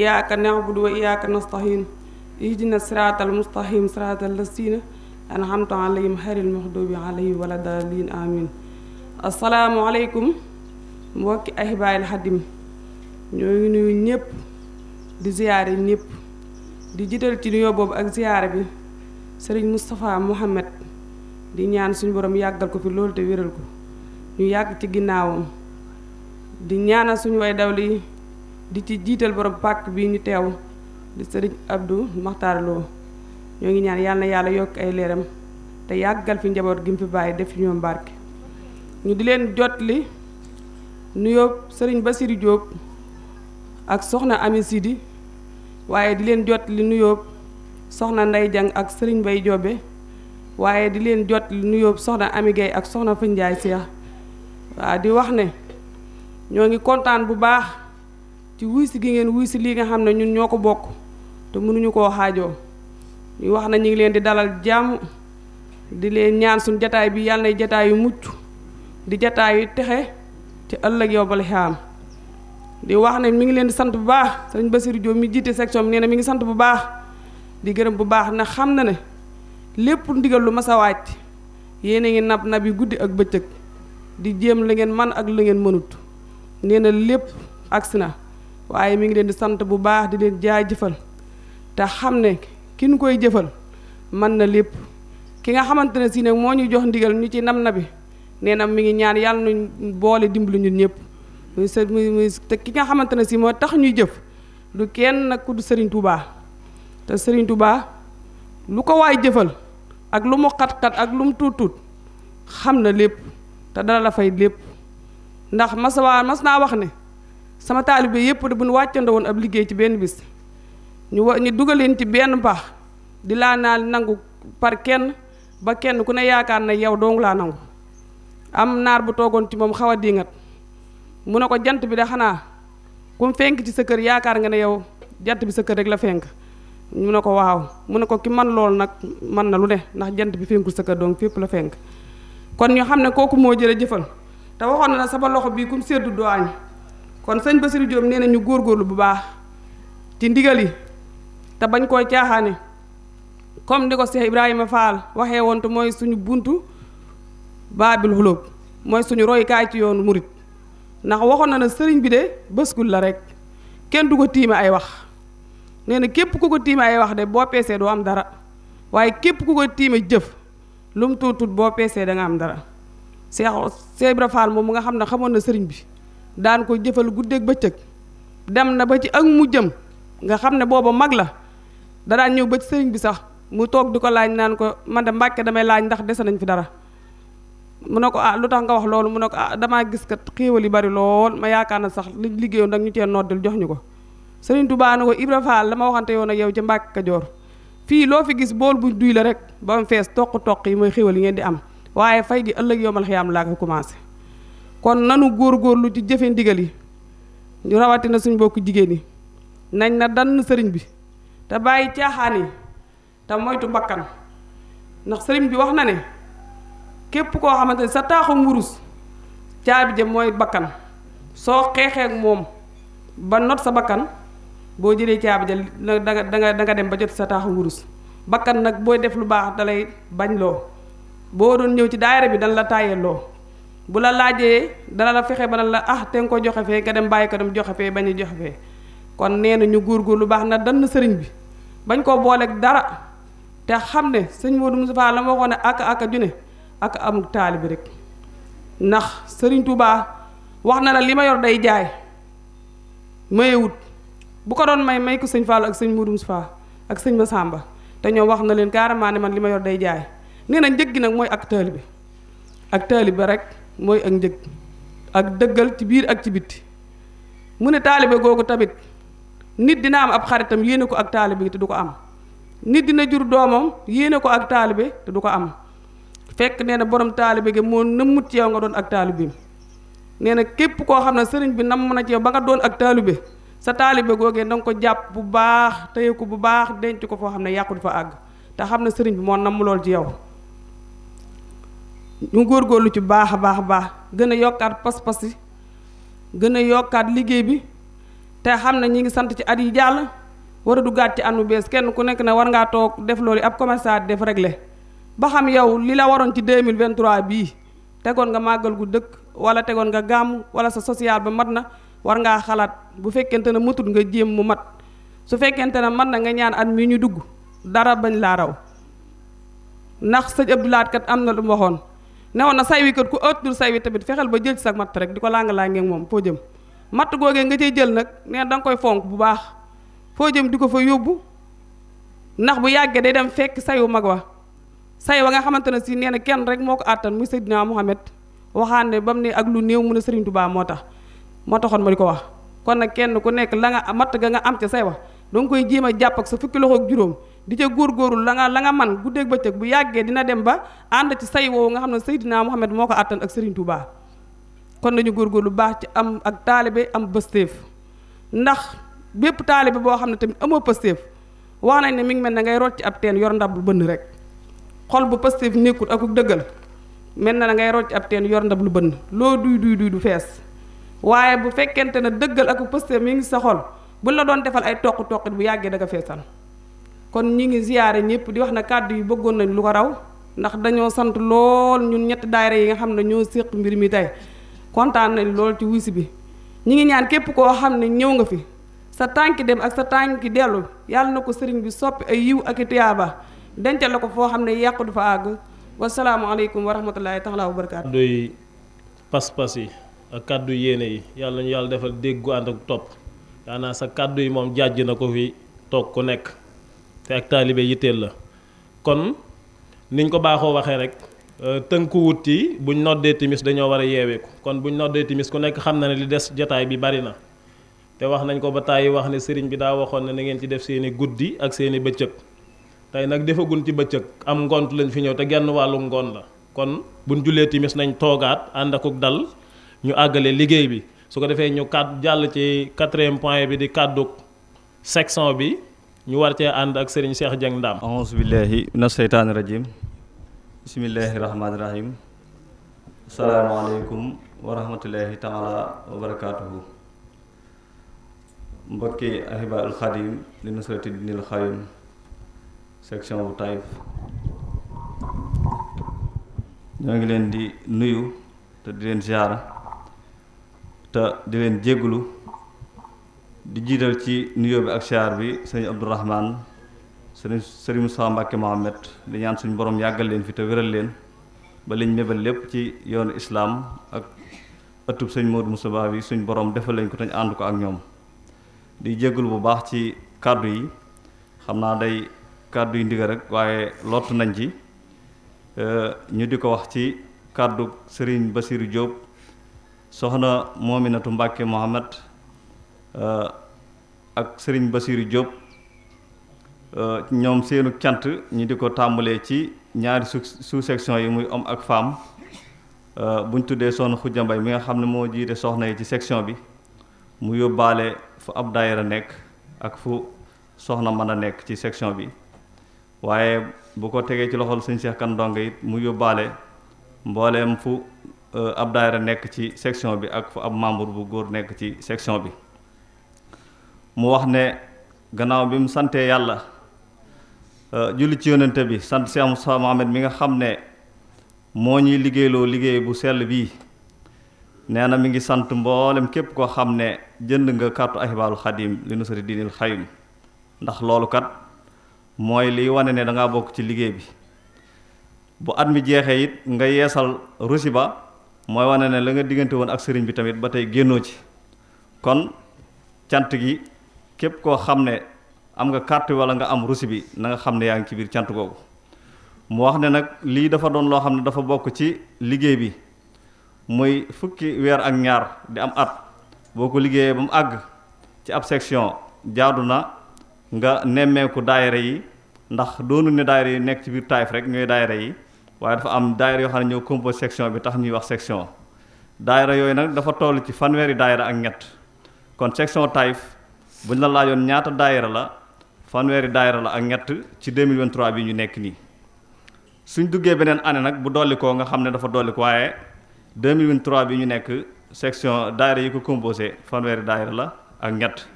Speaker 7: iyaaka na'budu wa iyaaka nastahin ihdina siraatal mustaqim siraatal lasiina an'amta alayhim xayril maxduubi alayhim wala daalin amin assalaamu aleykum mbokki ahibaayil xaddim ñoo ngi ñépp di ziyaare ñépp di jiital ci nuyoo boobu ak ziyaara bi sëriñ Moustapha Mohamed di ñaan suñu borom yàggal ko fi loolu te wéral ko ñu yàgg ci ginnaawam di ñaanal suñu way dawli di ci jiital borom pàkk bi ñu teew di sëriñ Abdou Makhtar Lo ñoo ngi ñaan yàlla yàlla yokk ay leeram te yàggal fi njaboot gi mu fi bàyyi def ci ñoom barke ñu di leen jot li nuyoo sëriñ Basiri Diop ak soxna Ami Sidi waaye di leen jot li nuyoob soxna Ndey ak sëriñ Bay Joobe waaye di leen jot li nuyoob soxna Ami ak soxna Fëñ Njaay Seex waaw di wax ne ñoo ngi kontaan bu baax ci wuy gi ngeen wuy si lii nga xam ne ñun ñoo ko bokk te mënuñu koo xaajoo ñu wax na ñu ngi leen di dalal jàmm di leen ñaan suñ jataay bi yàlla na jataay yu mucc di jataay texe ci ëllëg yow bal di wax ne mi ngi leen di sant bu baax sëriñ Basiru Diop mi jiite section bi nee na ngi sant bu baax di gërëm bu baax na xam na ne lépp ndigal lu ma sa wàcc yéen a ngi nab nab yi guddi ak bëccëg di jéem la ngeen man ak la ngeen mënut nee na lépp agsi na waaye mi ngi leen di sant bu baax di leen jaajëfal te xam ne ki ñu koy jëfal man na lépp ki nga xamante ne si nag moo ñuy jox ndigal ñu ci nam na bi nee na mi ngi ñaan yàlla nuñ boole dimbali ñun ñëpp muy sa muy muy te ki nga xamante ne si moo tax ñuy jëf lu kenn nag ku sëriñ Serigne Touba te Serigne Touba lu ko waay jëfal ak lu mu xat-xat ak lu mu tuut tuut xam na lépp te dara la fay lépp ndax mas waa mas naa wax ne sama taalibe yëpp de bu ñu wàccandoo woon ab liggéey ci benn bis ñu wax ñu dugal leen ci benn paax di laa naal nangu par kenn ba kenn ku ne yaakaar na yow dong laa nangu am naar bu toogoon ci moom xaw a diingat mu ne ko jant bi de xanaa ku fenk ci sa kër yaakaar nga ne yow jant bi sa kër rek la fenk mu ne ko waaw mu ne ko ki man loolu nag man na lu ne ndax jant bi fenkul sa kër donc fépp la fenk kon ñu xam ne kooku moo jëre jëfal te waxoon na sama loxo bii kum seddu doo añ kon sëñ Basiru Jóob nee na ñu góor góorgóorlu bu baax ci ndigal yi te bañ koo caaxaane comme ni ko Cheikh ibraahima Fall waxee woon mooy suñu buntu baabil xulóob mooy suñu roykaay ci yoonu murit ndax waxoon na ne sëriñ bi de bëskul la rek kenn du ko tiime ay wax nee na képp ku ko tiime ay wax de boo peesee doo am dara waaye képp ku ko tiime jëf lu mu tuut tuut boo peesee da nga am dara Seex Ibra Faal moom mu nga xam ne xamoon na sëriñ bi daan ko jëfal guddeeg bëccëg dem na ba ci ak mu jëm nga xam ne booba mag la da daan ñëw ba ci sëriñ bi sax mu toog di ko laaj naan ko man de Mbàkke damay laaj ndax dese nañ fi dara mu ne ko ah lu tax nga wax loolu mu ne ko ah damaa gis kat xéewal yi bari lool ma yaakaar na sax li liggéeyoon dag ñu cee noddil jox ñu ko Sëriñ Tuubaa ne ko Ibra Faal la ma waxante yoon ak yow ci Mbàkke Kajoor fii loo fi gis bool bu duy la rek ba mu fees toq-toq yi mooy xéewal yi ngeen di am waaye fay gi ëllëg yowmal xiyaam laa koy commencé kon nanu góor góor lu ci jëfe ndigal yi ñu rawatina suñ bokk jigéen yi nañ na dann sëriñ bi te bàyyi caaxaan yi te moytu bakkan ndax sëriñ bi wax na ne képp koo xamante ni sa taaxu wurus caabi ja mooy bakkan soo xeexee moom ba not sa bakkan boo jëlee caabi ja danga danga danga dem ba jot sa taaxu wurus bakkan nag booy def lu baax dalay bañ loo boo doon ñëw ci daayira bi dana la tàyyee loo bu la laajee dana la fexe ba na la ah te nga ko joxe fee nga dem bàyyi ko dem joxe fee bañ a kon nee na ñu góorgóor lu baax na dann sëriñ bi bañ koo booleeg dara te xam ne sëñ Modou Moustapha la ma waxoon ne ak ak ju ak am taalibi rek ndax sëriñ Touba wax na la li ma yor day jaay wut bu ko doon may may ko sëñ Fallou ak sëñ Modou Moustapha ak sëñ ma sàmba te ñoo wax na leen carrément ne man li ma yor day jaay nee na njëg gi nag mooy ak taalibi ak taalibi rek mooy ak njëg ak dëggal ci biir ak ci bitti mu ne taalibe googu tamit nit dina am ab xaritam yéene ko ak taalibe te du ko am nit dina jur doomam yéene ko ak taalibe te du ko am fekk nee na borom taalibe gi moo nëmmut ci yow nga doon ak taalibeem nee na képp koo xam ne sëriñ bi namm na ci yow ba nga doon ak taalibe sa taalibe googee da nga ko jàpp bu baax téye ko bu baax denc ko foo xam ne yàqu du fa àgg te xam ne sëriñ bi moo namm lool ci yow ñu góor góorgóorlu ci baax a baax a baax gën a yokkaat pas-pas yi gën a yokkaat liggéey bi te xam ne ñi ngi sant ci at yi jàll war a duggaat ci at mu bees kenn ku nekk ne war ngaa toog def ab commerçant def réglé ba xam yow li la waroon ci 2023 bii tegoon nga màggal gu dëkk wala tegoon nga gàmm wala sa social ba mat na war ngaa xalaat bu fekkente ne matul nga jéem mu mat su fekkente ne mat na nga ñaan at mi ñu dugg dara bañ laa raw ndax sa Abdou Lahad kat am na lu mu waxoon newoon na say wi kat ku ëttul say wi tamit fexeel ba jël ci sa matt rek di ko laa-nga-laa ngeeg moom foo jëm matt googee nga cay jël nag nee danga koy fonk bu baax foo jëm di ko fa yóbbu ndax bu yàggee day dem fekk sayu mag wa say wa nga xamante ne si nee na kenn rek moo ko àttan muy Seydina Mouhamed waxaan ne ba mu ne ak lu néew mu ne Serigne Touba moo tax moo taxoon ma di ko wax kon nag kenn ku nekk la nga matt ga nga am ca say wa danga koy jéem a jàpp ak sa fukki loxo ak juróom di ca góorgóorlu la nga la nga man guddeeg bëccëg bu yàggee dina dem ba ànd ci say woowu nga xam ne Seydina Mouhamed moo ko àttan ak Serigne Touba kon nañu góorgóorlu baax ci am ak taalibe am pësteef ndax bépp taalibe boo xam ne tamit amoo pësteef wax nañ ne mi ngi mel ne ngay rot ci ab teen yor ndab lu bënn rek xol bu Pastef nekkul akuk dëggal mel na ngay rocc ab teen yor ndab lu bënn loo duy duy duy du fees waaye bu fekkente ne dëggal akuk Pastef mi ngi sa xol buñ la doon defal ay toq toqit bu yàggee da nga feesal kon ñi ngi ziyaare ñëpp di wax na kàddu yi bëggoon nañu lu ko raw ndax dañoo sant lool ñun ñetti daayira yi nga xam ne ñoo séq mbir mi tey kontaan nañ lool ci wuysi bi ñi ngi ñaan képp koo xam ne ñëw nga fi sa tànki dem ak sa tànki dellu yàlla na ko sëriñ bi soppi ay yiw ak dencal la ko foo xam ne yàqu du fa àgg wasalaamualeykum wa rahmatullahi taala wa barakaatu.
Speaker 2: kàddu yi pas-pas yi ak kàddu yéene yi yàlla ñu yàlla defal déggu ànd ak topp yaanaa sa kàddu yi moom jàjj na ko fi toog ku nekk te ak taalibe yitteel la kon niñ ko baaxoo waxee rek. Euh, tënku wut yi buñ noddee timis dañoo war a yeeweeku kon buñ noddee timis ku nekk xam na ne li des jataay bi bari na te wax nañ ko ba tàyyi wax ne sëriñ bi daa waxoon ne na ngeen ci def seeni guddi ak seeni tey nag defagun ci bëccëg am ngont lañ fi ñëw te genn wàllu ngoon la kon buñ jullee timis nañ toogaat ànd akuk dal ñu àggale liggéey bi su ko defee ñu kàdd jàll ci quatrième point bi di kàdduk section bi ñu war ànd ak Serigne Cheikh Dieng Ndam aouzu
Speaker 8: billahi mina seytaani rajim
Speaker 2: bismillahi rahmaani rahim asalaamaaleykum
Speaker 8: wa rahmatullahi taala wa barakaatuhu mbokki ahibaa al xadim li nusrati dinil section bu Taïf ñoo ngi leen di nuyu te di leen ziara te di leen jégglu di jiital ci nuyoo bi ak ziar bi sëriñ Abdourahman sëriñ sëriñ Moussa Mbacke di ñaan suñu boroom yàggal leen fi te wéral leen ba liñ mébal lépp ci yoonu islaam ak ëttub sëñ Modou Moustapha bi suñ boroom defal leen ko tañ ànd ko ak ñoom di jégglu bu baax ci kàddu yi xam naa day kàddu yu rek waaye lott nañ ci euh, ñu di ko wax ci kàddu Serigne Bassirou Diop soxna Mominatu Mbàkke Mohamad euh, ak Serigne Bassirou Diop euh, ñoom seenu cant ñu di ko tàmbalee ci ñaari sous section yi muy homme ak femme buñ tuddee soxna Khoudia Mbaye mi nga xam ne moo jiite soxna yi ci section bi mu yóbbaale fu ab daayira nekk ak fu soxna mën a nekk ci section bi waaye bu ko tegee ci loxol sëñ Cheikh Kan Ndongo it mu yóbbaale mbooleem fu euh, ab daayira nekk ci section bi ak fu ab membre bu góor nekk ci section bi mu wax ne gannaaw bi mu santee yàlla euh, julli ci yonente bi sant Cheikh Moussa Mohamed mi nga xam ne moo ñuy liggéeyloo liggéey bu sell bii nee na mi ngi sant mboolem képp koo xam ne jënd nga kàrtu ahibaalu xadim li nu sari diinil xayum ndax loolu kat mooy liy wane ne da bokk ci liggéey bi bu at mi jeexee it nga yeesal ba mooy wane ne la nga diggante woon ak sëriñ bi tamit ba tey génnoo ci kon cant gi képp koo xam ne am nga carte wala nga am rusi bi nanga xam ne yaa ngi ci biir cant googu mu wax ne nag lii dafa doon loo xam ne dafa bokk ci liggéey bi muy fukki weer ak ñaar di am at boo ko liggéeyee ba mu àgg ci ab section jaadu na nga nemmeeku daayira yi ndax doonu ne daayira yi nekk ci biir Taïf rek ñooy daayira yi waaye dafa am daayira yoo xam ne ñoo composé section bi tax ñuy wax section daayira yooyu nag dafa toll ci fanweeri daayira ak ñett kon section Taïf buñ la laajoon ñaata daayira la fanweeri daayira la ak ñett ci 2023 bi ñu nekk nii suñ duggee beneen année nag bu dolli koo nga xam ne dafa dolli ko waaye 2023 bi ñu nekk section daayira yi ko composé fanweeri daayira la ak ñett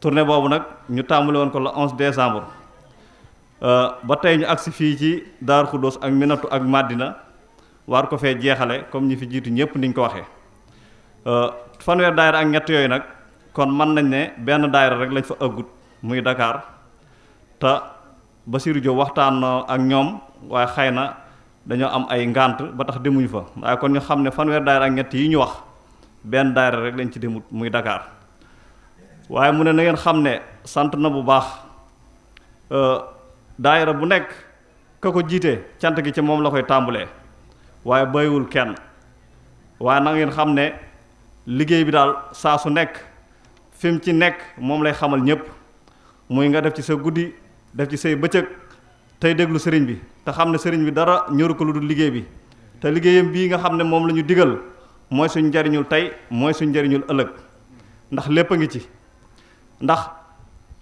Speaker 8: tournée boobu nag ñu tàmbali woon ko le 11 décembre euh, ba tey ñu agsi fii ci Daaru Xuddoos ak Minatu ak màddina war ko fee jeexale comme ñi fi jiitu ñëpp niñ ko waxee euh, fanweer daayira ak ñett yooyu nag kon mën nañ ne benn daayira rek lañ fa ëggut muy dakaar te Basiru Jóob waxtaan ak ñoom waaye xëy na dañoo am ay ngànt ba tax demuñu fa waaye kon ñu xam ne fanweer daayira ak ñett yi ñu wax benn daayira rek lañ ci demut muy dakaar waaye mu ne na ngeen xam ne sant na bu baax euh, daayara bu nekk ka ko jiite cant gi ci moom la koy tàmbulee waaye bàyyiwul kenn waaye na ngeen xam ne liggéey bi daal saa su nekk fi ci nekk moom lay xamal ñépp muy nga def ci sa guddi def ci say bëccëg tey déglu sëriñ bi te xam ne sëriñ bi dara ñoru ko lu dul liggéey bi te liggéeyam bii nga xam ne moom lañu digal mooy suñ njariñul tey mooy suñ njariñul ëllëg ndax lépp a ngi ci ndax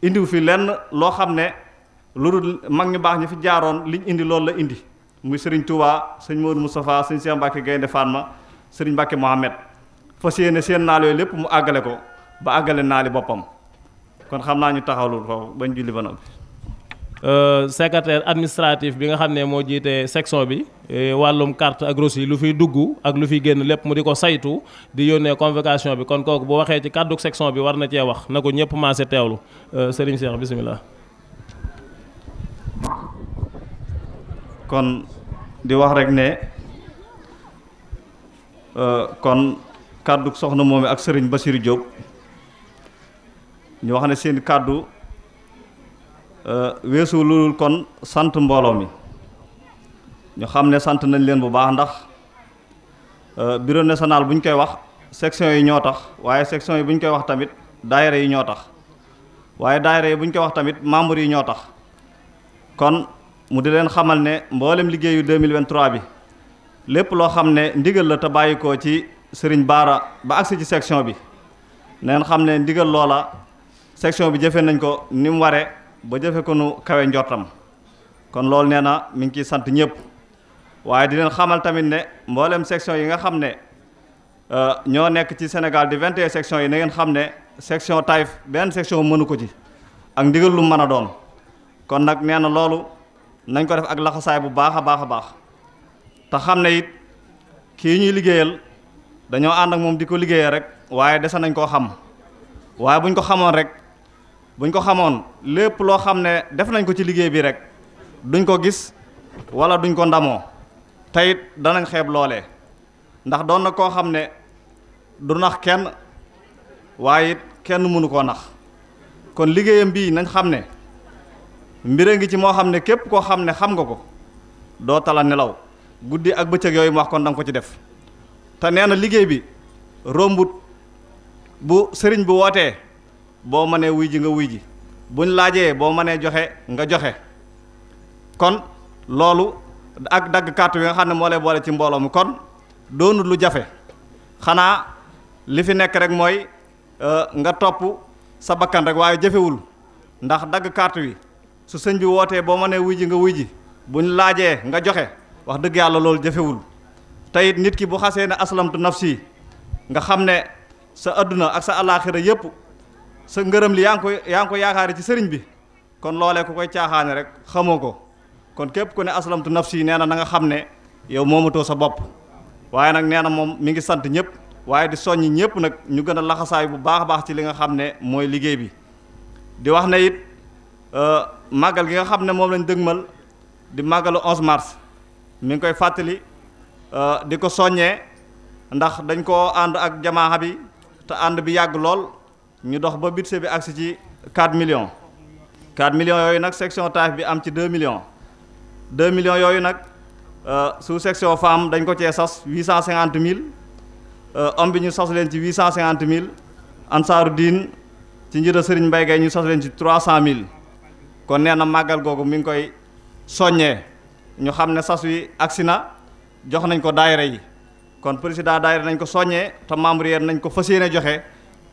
Speaker 8: indiw fi lenn loo xam ne lu mag ñi baax ñu fi jaaroon liñ indi loolu la indi muy sëriñ tubaa sëñ Modou Moustapha sëñ Cheikh Mbacke Gaynde Fatma sëriñ Mbacke Mohamed fa yéene seen naal lépp mu àggale ko ba àggale naali boppam kon xam naa ñu taxaw loolu bañ julli ba noppi
Speaker 2: Euh, secrétaire administratif bi nga xam ne moo jiite section bi eh, wàllum carte ak reçu lu fiy dugg ak lu fiy génn lépp mu di ko saytu di yónnee convocation bi kon kooku bu waxee ci kàddu section bi war na cee wax na ko ñëpp maase teewlu euh, sëriñ Cheikh bisimilah.
Speaker 8: kon di wax rek ne euh, kon kàddu soxna moom ak sëriñ Bassirou Diop ñu wax ne seen kàddu. Euh, weesu lulul kon sant mbooloo mi ñu xam ne sant nañ leen bu baax ndax euh, bureau national bu ñu koy wax section yi ñoo tax waaye section yi bu ñu koy wax tamit daayira yi ñoo tax waaye daayira yi bu ñu koy wax tamit membres yi ñoo tax kon mu di leen xamal ne mboolem liggéeyu 2023 bi lépp loo xam ne ndigal la te bàyyi ko ci sëriñ Baara ba agsi ci section bi neen xam ne ndigal loola section bi jëfe nañ ko ni mu waree ba jëfe ko nu kawe njortam kon loolu nee na mi ngi ciy sant ñëpp waaye di leen xamal tamit ne mboolem section yi nga xam ne euh, ñoo nekk ci Sénégal di 21 section yi na ngeen xam ne section Taïf benn section mënu ko ci ak ndigal lu mën a doon kon nag nee na loolu nañ ko def ak laxasaay bu baax a baax a baax te xam ne it kii ñuy liggéeyal dañoo ànd ak moom di ko liggéeyee rek waaye dese nañ koo xam waaye buñ ko xamoon rek. buñ ko xamoon lépp loo xam ne def nañ ko ci liggéey bi rek duñ ko gis wala duñ ko ndamoo teyit danañ xeeb loolee ndax doon na koo xam ne du nax kenn waaye kenn mënu koo nax kon liggéeyam bii nañ xam ne mbir a ngi ci moo xam ne képp koo xam ne xam nga ko doo tala nelaw guddi ak bëccëg yooyu mu wax kon danga ko ci def te nee na liggéey bi rombut bu sëriñ bu wootee boo mënee wuy ji nga wuy ji buñ laajee boo mënee joxe nga joxe kon loolu ak dagg kàttu bi nga xam ne moo lay boole ci mbooloo mi kon doonut lu jafe xanaa li fi nekk rek mooy euh, nga topp sa bakkan rek waaye jafewul ndax dagg kàttu wi su sëñ bi wootee boo mënee wuy ji nga wuy ji buñ laajee nga joxe wax dëgg yàlla loolu jafewul tey nit ki bu xasee ne aslamtu nafsi nga xam ne sa adduna ak sa alaaxira yépp sa ngërëm li yaa ngi ko yaa ngi ko yaakaari ci sëriñ bi kon loolee ku koy caaxaane rek xamoo ko kon képp ku ne aslamtu si nee na na nga xam ne yow moomatoo sa bopp waaye nag nee na moom mi ngi sant ñëpp waaye di soññ ñëpp nag ñu gën a laxasaay bu baax a baax ci li nga xam ne mooy liggéey bi di wax ne it euh, màggal gi nga xam ne moom lañ dëgmal di màggalu 11 mars mi ngi koy fàttali euh, di ko soññee ndax dañ koo ànd ak jamaaxa bi te ànd bi yàgg lool ñu dox ba budget bi agsi ci 4 million 4 million yooyu nag section taaf bi am ci deux million deux million yooyu nag euh, sous section femme dañ ko cee sas 850 mille euh, homme bi ñu sas leen ci 850 mille ansaaru diin ci njëriñ sëriñ Mbay Gay ñu sas leen ci 300 mille kon nee na màggal googu mi ngi koy soññee ñu xam ne sas wi agsi na jox nañ ko daayira yi kon président daayira nañ ko soññee te membre yeen nañ ko fas yéene joxe.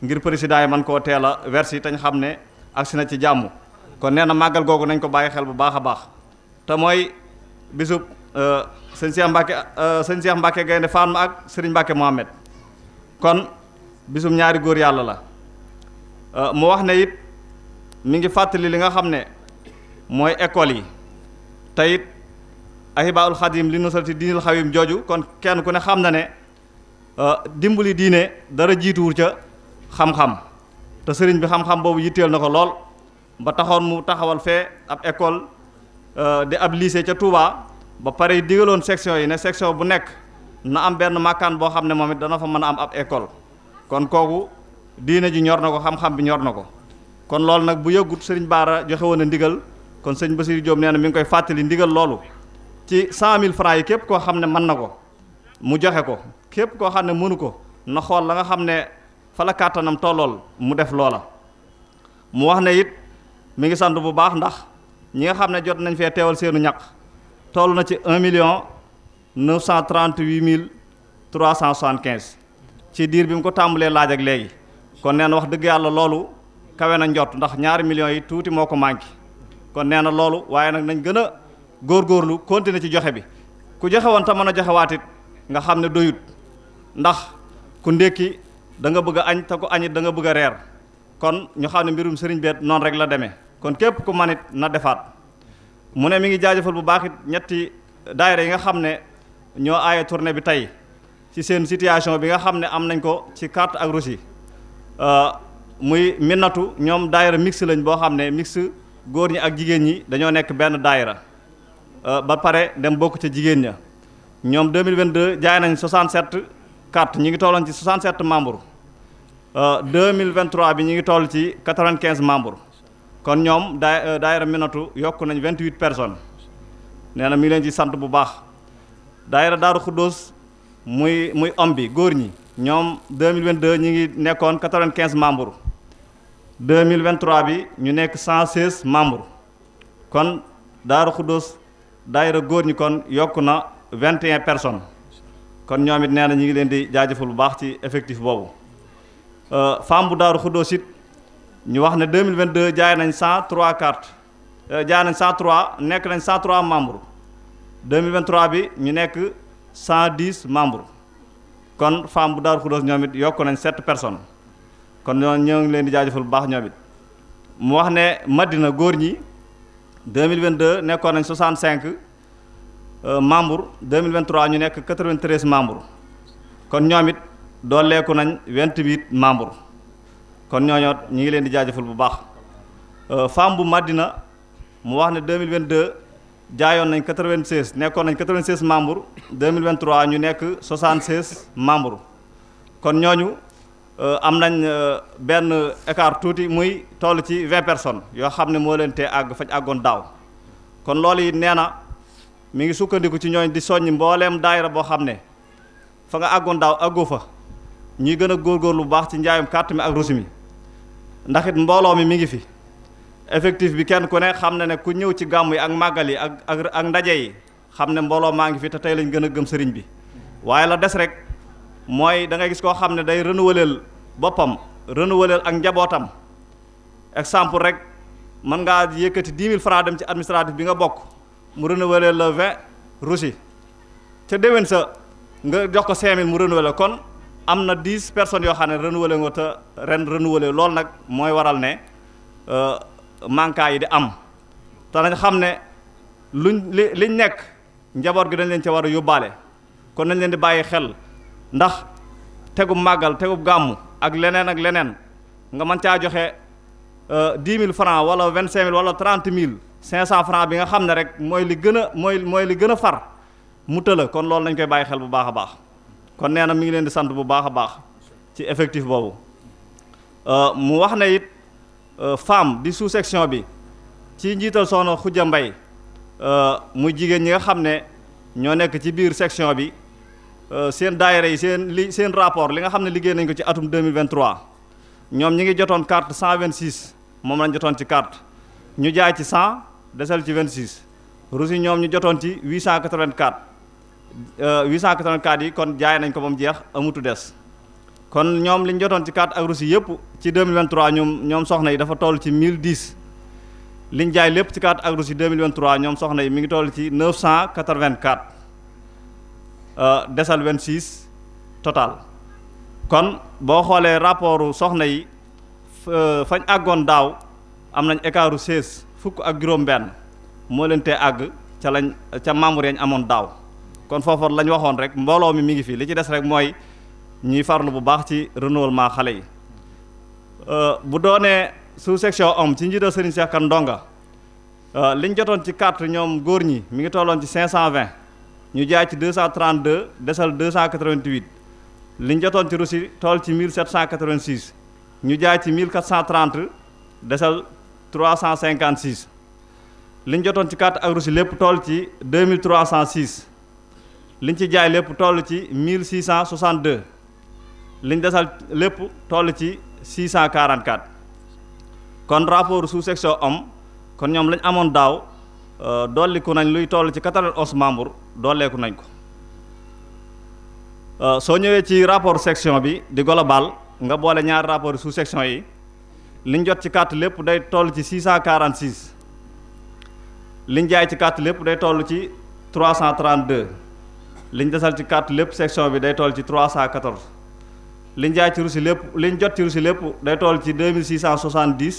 Speaker 8: ngir président yi man koo teel a versi tañ xam ne si na ci jàmm kon nee na màggal googu nañ ko bàyyi xel bu baax a baax te mooy bisub euh, sëñ Cheikh Mbacke euh, sëñ Cheikh Mbacke Gaynde Fatma ak sëriñ Mbacke Mohamed kon bisum ñaari góor yàlla la euh, mu wax ne it mu ngi fàttali li nga xam ne mooy école yi te it ahibaul xadim li nusrati diinil xawim jooju kon kenn ku ne xam na ne dimbali diine dara jiituwul ca xam-xam te sëriñ bi xam-xam boobu yitteel na ko lool ba taxoon mu taxawal fee ab école euh, di ab lycée ca Touba ba pare digaloon section yi ne section bu nekk na am benn màkkaan boo xam ne moom it dana fa mën a am ab école kon kooku diine ji ñor na ko xam-xam bi ñor na ko kon loolu nag bu yëgut sëriñ Baara joxe a ndigal kon sëñ Bassirou Diop nee na mi ngi koy fàttali ndigal loolu ci cent mille francs yi képp koo xam ne man na ko mu joxe ko képp koo xam ne mënu ko fa la kàttanam tollool mu def loola mu wax ne it mu ngi sant bu baax ndax ñi nga xam ne jot nañ fee teewal seenu ñaq toll na ci un million neuf cent trente-huit mille trois cent soixante-quinze ci diir bi mu ko tàmbalee laaj ak léegi kon nee na wax dëgg yàlla loolu kawe na njot ndax ñaari millions yi tuuti moo ko manqué kon nee na loolu waaye nag nañ gën a góorgóorlu continuer ci joxe bi ku joxe woon te mën a joxe waat it nga xam ne doyut ndax ku ndékki da nga bëgg a añ te ko añit da nga bëgg a reer kon ñu xam ne mbirum sëriñ beet noonu rek la demee kon képp ku manit na defaat mu ne mi ngi jaajëfal bu baax it ñetti daayira yi nga xam ne ñoo aaye tournée bi tey ci seen situation bi nga xam ne am nañ ko ci carte ak Russie euh, muy minnatu ñoom daayira mix lañ boo xam ne mix góor ñi ak jigéen ñi dañoo nekk benn daayira euh, ba pare dem bokk ca jigéen ña ñoom 2022 jaay nañ 67 4 ñi ngi tolloon ci 67 membres 2023 euh, bi ñi ngi toll ci 95 membres kon ñoom daay euh, daayira Minatu yokk nañ 28 personnes nee na mi ngi leen ci sant bu baax daayira Daaru Xuddoos muy muy om bi góor ñi ñoom 2022 ñi ngi nekkoon 95 membres 2023 bi ñu nekk 116 membres kon Daaru Xuddoos daayira góor ñi kon yokk na 21 personnes kon ñoom it nee na ñu ngi leen di jaajëfal bu baax ci effectif boobu euh, femme bu daaru xuddoo sit ñu wax ne 2022 jaay nañ 103 cartes euh, jaay nañ 103 nekk nañ 103 membres 2023 bi ñu nekk 110 membres kon femme bu daaru xuddoo ñoom it yokk nañ 7 personnes kon ñoo ñoo ngi leen di jaajëfal bu baax ñoom it mu wax ne Madina góor ñi 2022 nekkoon nañ 65 Euh, membre 2023 ñu nekk 93 membre kon ñoom it dooleeku nañ 28 membre kon ñooñoo ñu ngi leen di jaajëfal bu baax euh, femme bu Madina mu wax ne 2022 jaayoon nañ 96 nekkoon nañ 96 membre 2023 ñu nekk 76 membre kon ñooñu euh, am nañ benn écart tuuti muy toll ci 20 personnes yoo xam ne moo leen tee àgg fañ àggoon daaw kon loolu it nee mi ngi sukkandiku ci ñooñ di soññ mbooleem daayira boo xam ne fa nga àggoon daaw àggoo fa ñuy gën a góorgóorlu lu baax ci njaayum carte mi ak reçu mi ndax it mbooloo mi mi ngi fi effectif bi kenn ku ne xam na ne ku ñëw ci gàmm yi ak màggal yi ak ak ak ndaje yi xam ne mbooloo maa ngi fi te tey lañ gën a gëm sëriñ bi waaye la des rek mooy da ngay gis koo xam ne day renouveler boppam renouveler ak njabootam exemple rek mën ngaa yëkkati 10 000 francs dem ci administratif bi nga bokk. mu renouveler la vingt rougi ca déwén sa nga jox ko cinq mille mu renouveler kon am na dix personnes yoo xam ne renouveler nga te ren renouveler loolu nag mooy waral ne euh, manquant yi di am te nañ xam ne luñ li liñ nekk njaboot gi dañ leen ca war a yóbbaale kon nañ leen di bàyyi xel ndax tegub màggal tegub gàmmu ak leneen ak leneen nga mën caa joxe euh, dix mille francs wala vingt cinq mille wala trente mille 500 francs bi nga xam ne rek mooy li gën a mooy mooy li gën a far mu tëla kon loolu nañ koy bàyyi xel bu baax a baax kon nee na mi ngi leen di sant bu baax a baax ci effectif boobu euh, mu wax na it euh, femme di sous section bi ci njiital soxna Khoudia Mbaye euh, muy jigéen ñi nga xam ne ñoo nekk ci biir section bi seen daayira yi seen li seen rapport li nga xam ne liggéey nañ ko ci atum 2023 ñoom ñi ngi jotoon carte 126 moom lañ jotoon ci carte ñu jaay ci 100 desal ci vingt 26 Russie ñoom ñu jotoon ci 884 884 euh, yi kon jaay nañ ko ba mu jeex amutu des kon ñoom li ñu jotoon ci carte ak Russie yëpp ci 2023 ñoom ñoom soxna yi dafa toll ci mille 1010 li ñu jaay lépp ci carte ak Russie 2023 ñoom soxna yi mi ngi toll ci 984 euh, desal 26 total kon boo xoolee rapportu soxna yi euh, fañ àggoon daaw am nañ écartu 16 fukk ak juróom-benn moo leen tee àgg ca lañ ca membre yañ amoon daaw kon foofa lañu waxoon rek mbooloo mi mi ngi fi li ci des rek mooy ñuy farlu bu baax ci renouvellement xale yi euh, bu doonee sous section homme ci njiital Serigne Cheikh Kan li euh, liñ jotoon ci carte ñoom góor ñi mi ngi tolloon ci 520 ñu jaay ci 232 desal 288 liñ jotoon ci Russie toll ci 1786 ñu jaay ci 1430 desal 356 liñ jotoon ci carte ak reçu lépp toll ci 2306 liñ ci jaay lépp toll ci 1662 liñ desal lépp toll ci 644 kon rapport sous section homme kon ñoom lañ amoon daaw euh, dolliku nañ luy toll ci 91 membres dolleeku nañ ko euh, soo ñëwee ci rapport section bi di global nga boole ñaari rapport sous section yi liñ jot ci carte lépp day toll ci 646 liñ jaay ci carte lépp day toll ci 332 liñ desal ci carte lépp section bi day toll ci 314 liñ jaay ci rusi lépp liñ jot ci rusi lépp day toll ci 2670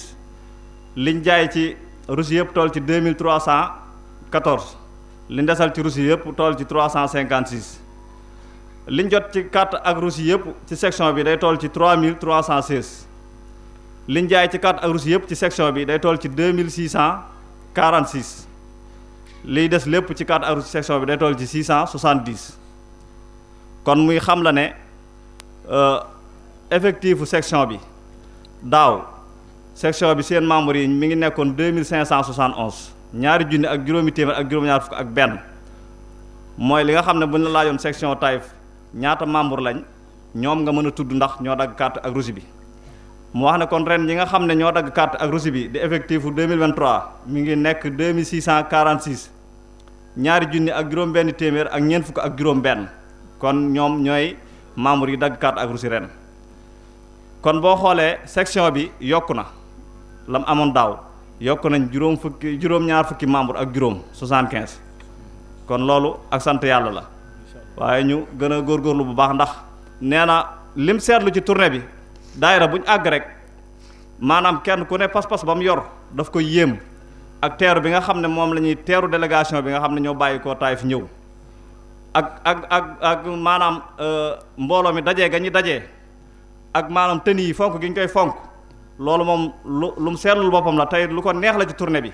Speaker 8: liñ jaay ci rusi yëpp toll ci 2314 liñ desal ci rusi yëpp toll ci 356 liñ jot ci carte ak rusi yëpp ci section bi day toll ci 3316 liñ jaay ci carte ak Russie yëpp ci section bi day tool ci deux mille six cent quarante six liy des lépp ci carte ak Russie section bi day tool ci six cent soixante kon muy xam la ne euh, effectifu section bi daaw section bi seen membres yi mi ngi nekkoon deux mille cinq cent soixante onze ñaari junni ak juróomi téeméer ak juróom-ñaar fukk ak benn mooy li nga xam ne bu ñu laajoon section Taïf ñaata membre lañ ñoom nga mën a tudd ndax ñoo dagg carte ak Russie bi. mu wax ne kon ren ñi nga xam ne ñoo dagg carte ak reçu bi di effectif fu 2023 mi ngi nekk 2646 ñaari junni ak juróom-benn téeméer ak ñeent fukk ak juróom-benn kon ñoom ñooy membres yi dagg carte ak reçu ren kon boo xoolee section bi yokk na lam amoon daaw yokk nañ juróom fukki ñaar fukki membre ak juróom 75 kon loolu ak sant yàlla la waaye ñu gën a góorlu bu baax ndax nee na lim seetlu ci tournée bi daayira buñ àgg rek maanaam kenn ku ne pas-pas ba mu yor daf ko yéem ak teeru bi nga xam ne moom la ñuy teeru délégation bi nga xam ne ñoo bàyyi koo taay fi ñëw ak ak ak ak maanaam euh, mbooloo mi dajee nga ñu dajee ak maanaam tëni yi fonk gi ñu koy fonk loolu moom lu lu mu seetlul boppam la tey lu ko neex la ci tournée bi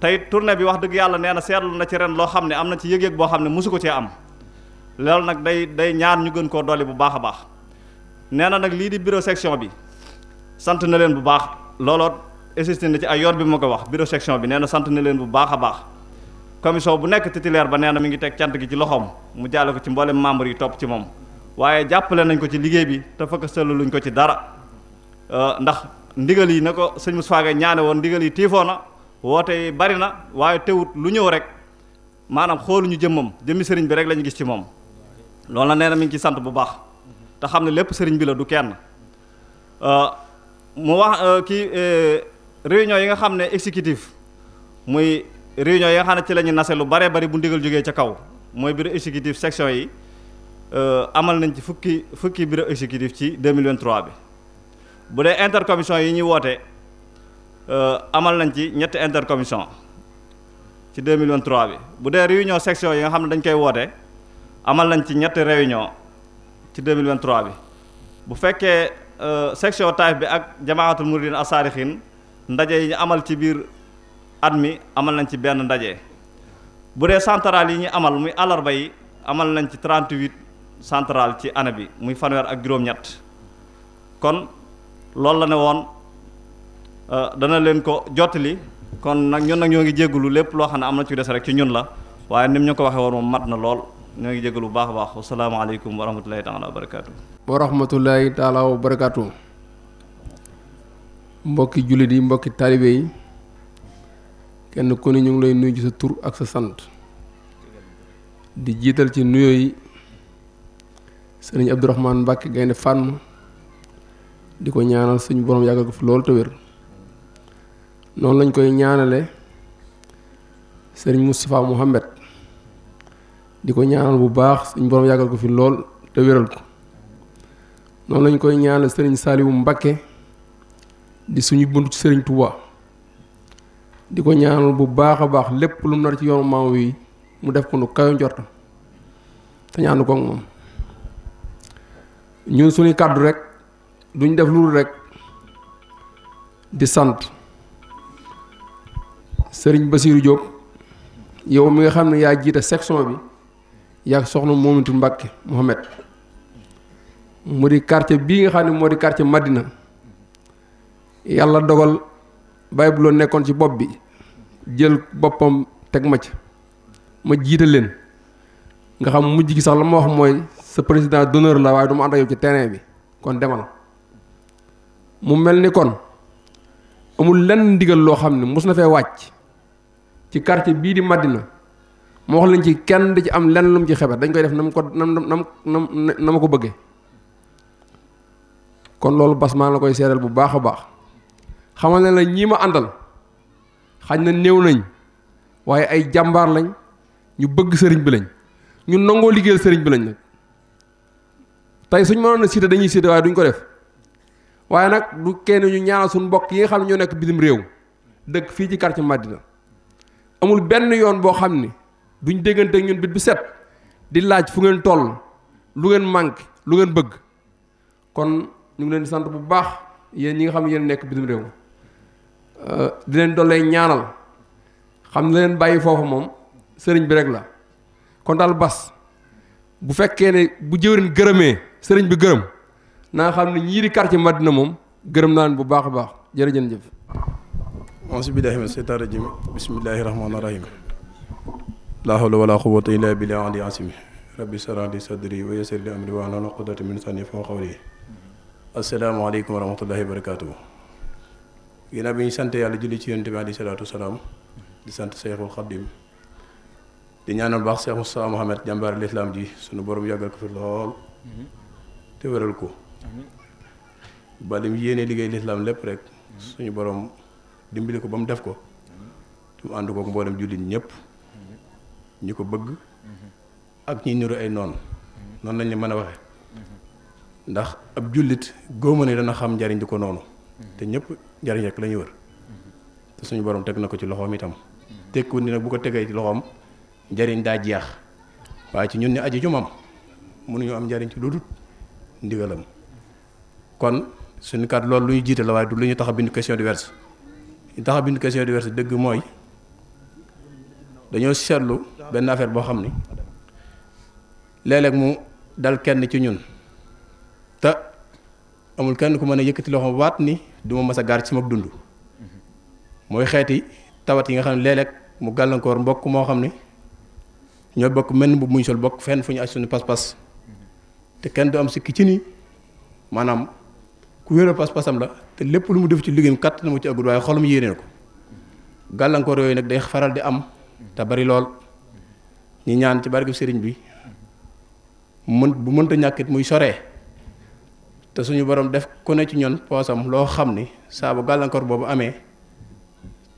Speaker 8: tey tournée bi wax dëgg yàlla nee na seetlu na ci ren loo xam ne am na ci yëg-yëg boo xam ne mosu ko cee am loolu nag day day ñaan ñu gën koo dolli bu baax a baax nee na nag lii di bureau section bi sant na leen bu baax looloo existé na ci ay yoon bi ma ko wax bureau section bi nee na sant na leen bu baax a baax commission bu nekk titulaire ba nee na mi ngi teg cant gi ci loxoom mu jaale ko ci mboolem membre yi topp ci moom waaye jàppale nañ ko ci liggéey bi te fekk seetluñ ko ci dara euh, ndax ndigal yi na ko sëñ Moussa Gueye ñaane woon ndigal yi tiifoo na wootee bari na waaye teewut lu ñëw rek maanaam xoolu xooluñu jëmmam jëmmi sëriñ bi rek lañu gis ci moom loolu nee na mi ngi ci sant bu baax te xam ne lépp sëriñ bi la du kenn euh, mu wax euh, kii euh, réunion yi nga xam ne exécutif muy réunion yi nga xam ne ci la ñu nase lu baree bari bu ndigal jógee ca kaw mooy bureau exécutif section yi amal nañ ci fukki fukki bureau exécutif ci 2023 bi bu dee intercommission yi ñuy woote amal nañ ci ñetti intercommission ci 2023 bi bu dee réunion section yi nga xam ne dañ koy woote amal nañ ci ñetti réunion ci 2023 bi bu fekkee euh, section Taif bi ak jamaatul muridin asaarixin ndaje yi ñu amal ci biir at mi amal nañ ci benn ndaje bu dee centrale yi ñu amal muy àllarba yi amal nañ ci 38 centrale ci année bi muy fanweer ak juróom-ñett kon loolu la ne woon euh, dana leen ko jottali kon nag ñun nag ñoo ngi jéggulu lépp loo xam ne am na ci des rek ci ñun la waaye ni mu ñu ko waxee woon moom mat na lool ñoo ngi jégalu bu baax a baax wasalaamaaleykum wa rahmatulahi taala wa barakaatu.
Speaker 4: wa rahmatulahi taala wa barakaatu. mbokki jullit yi mbokki taalibe yi kenn ku ne ñu ngi lay nuyu ci sa tur ak sa sant di jiital ci nuyoo yi sëriñ Abdourahmane Mbacke Gaynde Fatma di ko ñaanal suñu borom yàggal ko fi loolu te noonu lañ koy ñaanale sëriñ Moustapha Mohamed. di ko ñaanal bu baax suñ borom yàggal ko fi lool te wéral ko noonu lañ koy ñaanal sëriñ Saliou Mbakke di suñu bunt ci sëriñ Touba di ko ñaanal bu baax a baax lépp lu mu nar ci yoonu maam wi mu def ko nu kayo njortam te ñaanu ko ak moom ñun suñu kàddu rek duñ def lu rek di sant sëriñ Basirou Diop yow mi nga xam ne yaa jiite section bi yàgg soxna Momintu Mbàkke Mohamed mu di quartier bii nga xam ne moo di quartier Madina yàlla dogal bàyyi bu loo nekkoon ci bopp bi jël boppam teg ma ci ma jiite leen nga xam mujj gi sax la ma wax mooy sa président d'honneur la waaye du ma ànd ak yow ci terrain bi kon demal mu mel ni kon amul lenn ndigal loo xam ne mos na fee wàcc ci quartier bii di Madina mu wax lañ ci kenn di ci am lenn lu mu ci xebet dañ koy def na ma ko na na ma ko bëggee kon loolu bas maa la koy seeral bu baax a baax xamal ne la ñii ma àndal xañ na néew nañ waaye ay jàmbaar lañ ñu bëgg sëriñ bi lañ ñu nangoo liggéeyal sëriñ bi lañ nag tey suñ mënoon a cité dañuy cité waaye duñ ko def waaye nag du kenn ñu ñaar suñu mbokk yi nga xam ñoo nekk bitim réew dëkk fii ci quartier Madina amul benn yoon boo xam ni duñ déggante ak ñun bit bi set di laaj fu ngeen toll lu ngeen manque lu ngeen bëgg kon ñu ngi leen sant bu baax yéen ñi nga xam ne yéen nekk bitim réew euh, di leen dollee ñaanal xam ne leen bàyyi foofu moom sëriñ bi rek la kon daal bas bu fekkee ne bu jëwriñ gërëmee sëriñ bi gërëm naa xam ne ñii di quartier Madina moom gërëm naa leen bu baax a baax jërëjëf. auzu
Speaker 1: billaahi mina sheytaani rajiim bismillaahi rahmaani rahiim laa hawla wala quwwata illa billahi ali asimi rabbi sarah li sadri wa yassir li amri wahlul uqdatan min lisani yafqahu qawli asalaamaaleykum wa rahmatullahi wa barakaatuhu ginnaaw bi ñu sant yàlla julli ci yonent bi alayhi salaatu wasalaam di sant Seexul Xaddim di ñaanal baax Seex Musaa Muhammad jàmbaar lislaam ji sunu borom yàggal ko fi lool te wéral ko ba yéene liggéey lislaam lépp rek suñu borom dimbali ko ba mu def ko mu ànd kook mboolem jullit ñëpp ñu ko bëgg ak ñi niru ay noon noonu lañu la mën a waxe ndax ab jullit góoma ne dana xam njariñ di ko noonu te ñëpp njariñ rek la wër te suñu borom teg na ko ci loxoom itam tekkiwul ni nag bu ko tegee ci loxoom njariñ daa jeex waaye ci ñun ñu aju ci moom mënuñu am njariñ ci lu dul ndigalam kon suñu kat loolu lu ñu jiite la waaye du lu ñu tax a bind question diverse ñu tax a bind question diverse dëgg mooy dañoo seetlu benn affaire boo xam ne léeg mu dal kenn ci ñun te amul kenn ku mën a yëkkati loxo waat ni du ma mës a gaar ci dund mooy xeeti tawat yi nga xam ne léeg mu gàllankoor mbokk moo xam ne ñoo bokk mel bu muñ sol bokk fenn fu ñu aj suñu pas-pas te kenn du am sikki ci ni maanaam ku wér pas-pasam la te lépp lu mu def ci liggéeyam kàttan mu ci agul waaye xolum yéenee ko gàllankoor yooyu nag day faral di am te bari lool ñu ñaan ci barkeb sëriñ bi mën bu mënta ñàkkit muy soree te suñu borom def ku ne ci ñun poosam loo xam ni saabu bu gàllankoor boobu amee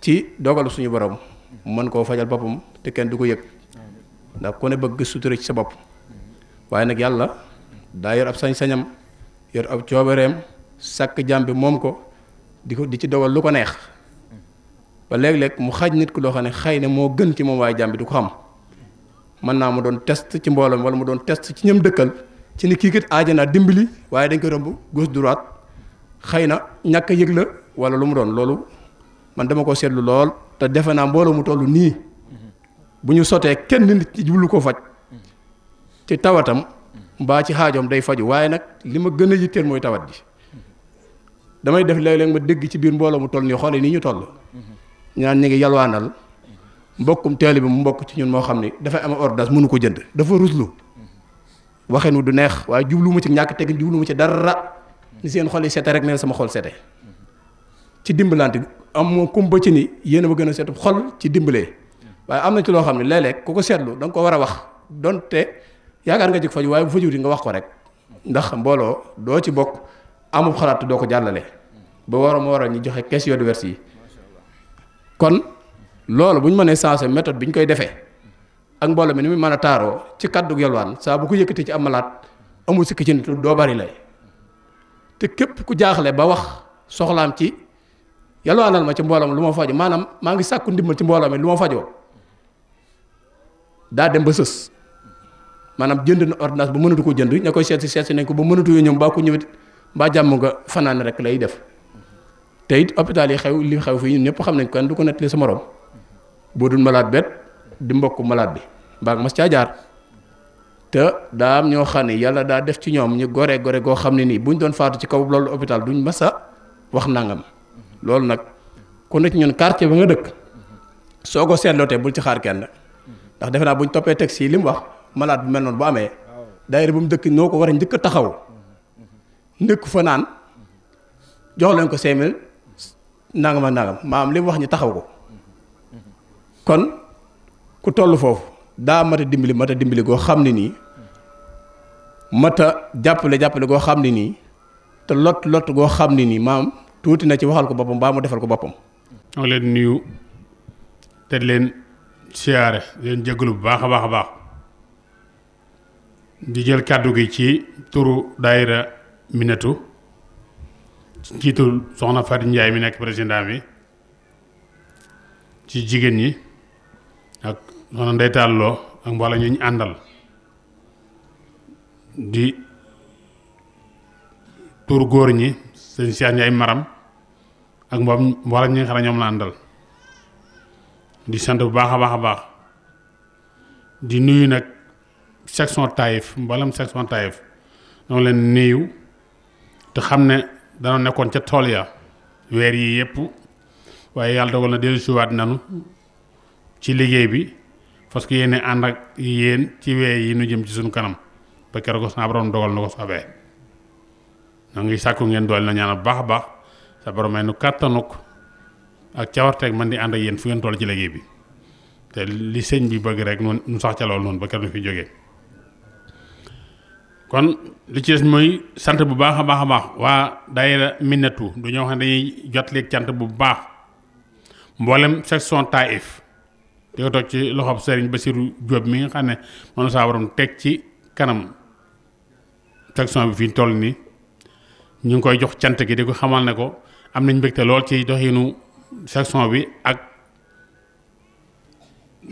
Speaker 1: ci dogalu suñu boroom mën koo fajal boppam te kenn du ko yëg ndax ku ne bëgg sutura ci sa bopp waaye nag yàlla daa yor ab sañ-sañam yor ab coobareem sàkk jàmm bi moom ko di ko di ci dogal lu ko neex ba léeg-léeg mu xaaj nit ku loo xam ne xëy na moo gën ci moom waaye jàmm bi du ko xam mën naa ma doon test ci mbooloom wala ma doon test ci ñëm dëkkal ci ni kii kat aaja naa dimbali waaye dañ ko rëmb gauche droite xëy na ñàkk yëg la wala lu mu doon loolu man dama ko seetlu lool te defe naa mbooloo mu toll nii bu ñu sotee kenn nit jublu ko faj ci tawatam mbaa ci xaajoom day faju waaye nag li ma gën a yitteel mooy tawat ji damay def léeg-léeg ma dégg ci biir mbooloo mu toll nii xoole nii ñu toll ñaan ñu ngi yalwaanal mbokkum taalibe mu mbokk ci ñun moo xam ne dafay am ordonnance mënu ko jënd dafa ruslu waxee nu du neex waaye jublu ma ci ñàkk teggin jublu ma ci dara ni seen xol yi sete rek neen sama xol sete ci dimbalante am moo kumba ci ni yéen a ma gën a setu xol ci dimbalee waaye am na ci loo xam ne léeg ku ko seetlu da nga ko war a wax donte yaakaar nga ci faju waaye bu fajuwuti nga wax ko rek ndax mbooloo doo ci bokk amul xalaat doo ko jàllale ba waroon ma waroon ñu joxe question diverses yi loolu bu ñu mënee sensé méthode bi ñu koy defee ak mbooloo mi ni muy mën a taaroo ci kàddu yalwaan saa bu ko yëkkatee ci am malaat amul sikki ci nit doo bari lay te képp ku jaaxle ba wax soxlaam ci yalwaanal ma ci mboolam lu ma fajo maanaam maa ngi sàkku ndimbal ci mbooloo mi lu ma fajoo daa dem ba sës maanaam jënd na ordonnance ba mënatu ko jënd ña koy seet si seet si nañ ko ba mënatu yoo ñëw baa ko ñëwit mbaa jàmm nga fanaan rek lay def te it yi xew li xew fii ñun ñëpp xam nañ ko du ko nettali sa morom boo malaat bet di mbokk malaat bi mbaa ma caa jaar te daa am ñoo xam ne yàlla daa def ci ñoom ñu gore gore goo xam ne nii bu buñ doon faatu ci kaw loolu hôpital duñ mas a wax nangam loolu nag ku nekk ñu quartier ba nga dëkk soo ko seetlootee bul ci xaar kenn ndax defe naa buñ toppee texte yi li wax malade bu mel noonu bu amee daayira bu mu dëkk noo ko war a njëkk a taxaw ndëkk fa naan jox leen ko cinq mille nangam ak nangam maam li wax ñu taxaw ko. kon ku toll foofu daa mat a dimbili mat a dimbali goo xam ne nii mat a jàppale jàppale goo xam ne nii te lot lot goo xam ne nii maam tuuti na ci waxal ko boppam baa mu defal ko boppam.
Speaker 9: ma leen nuyu te leen siyaare leen jégalu bu baax a baax a baax di jël kàddu gi ci turu daayira Minatu ci njiitul soxna Fatou Ndiaye mi nekk président bi ci jigéen ñi. noonu day tàlloo ak àndal di tuur góor ñi sëñ Cheikh maram ak mboom xam ne ñoom àndal di sant bu baax a baax a baax di nuyu nag section Taïf ñoo leen nuyu te xam ne danoo nekkoon ca tool ya weer yii yëpp waaye yàlla dogal na dellusiwaat nanu ci liggéey bi parce que yéene ànd ak yéen ci wee yi nu jëm ci suñu kanam ba keroog saa borom dogal na ko soobee ñoo ngi sàkku ngeen dool na ñaanal bu baax a baax sa borom may nu kàttanuk ak cawarteeg man di ànd ak yéen fu ngeen toll ci liggéey bi te li sëñ bi bëgg rek noonu nu sax ca lool noonu ba keroog nu fi jógee kon li ci des mooy sant bu baax a baax a baax waa daayira Minnatu du ñoo xam ne dañuy jot leeg cant bu baax mboolem section Taif di ko teg ci loxob Serigne Bassirou Diop mi nga xam ne moom la saa teg ci kanam section bi fi ñu toll ñu ngi koy jox cant gi di ko xamal ne ko am nañ mbégte lool ci doxinu section bi ak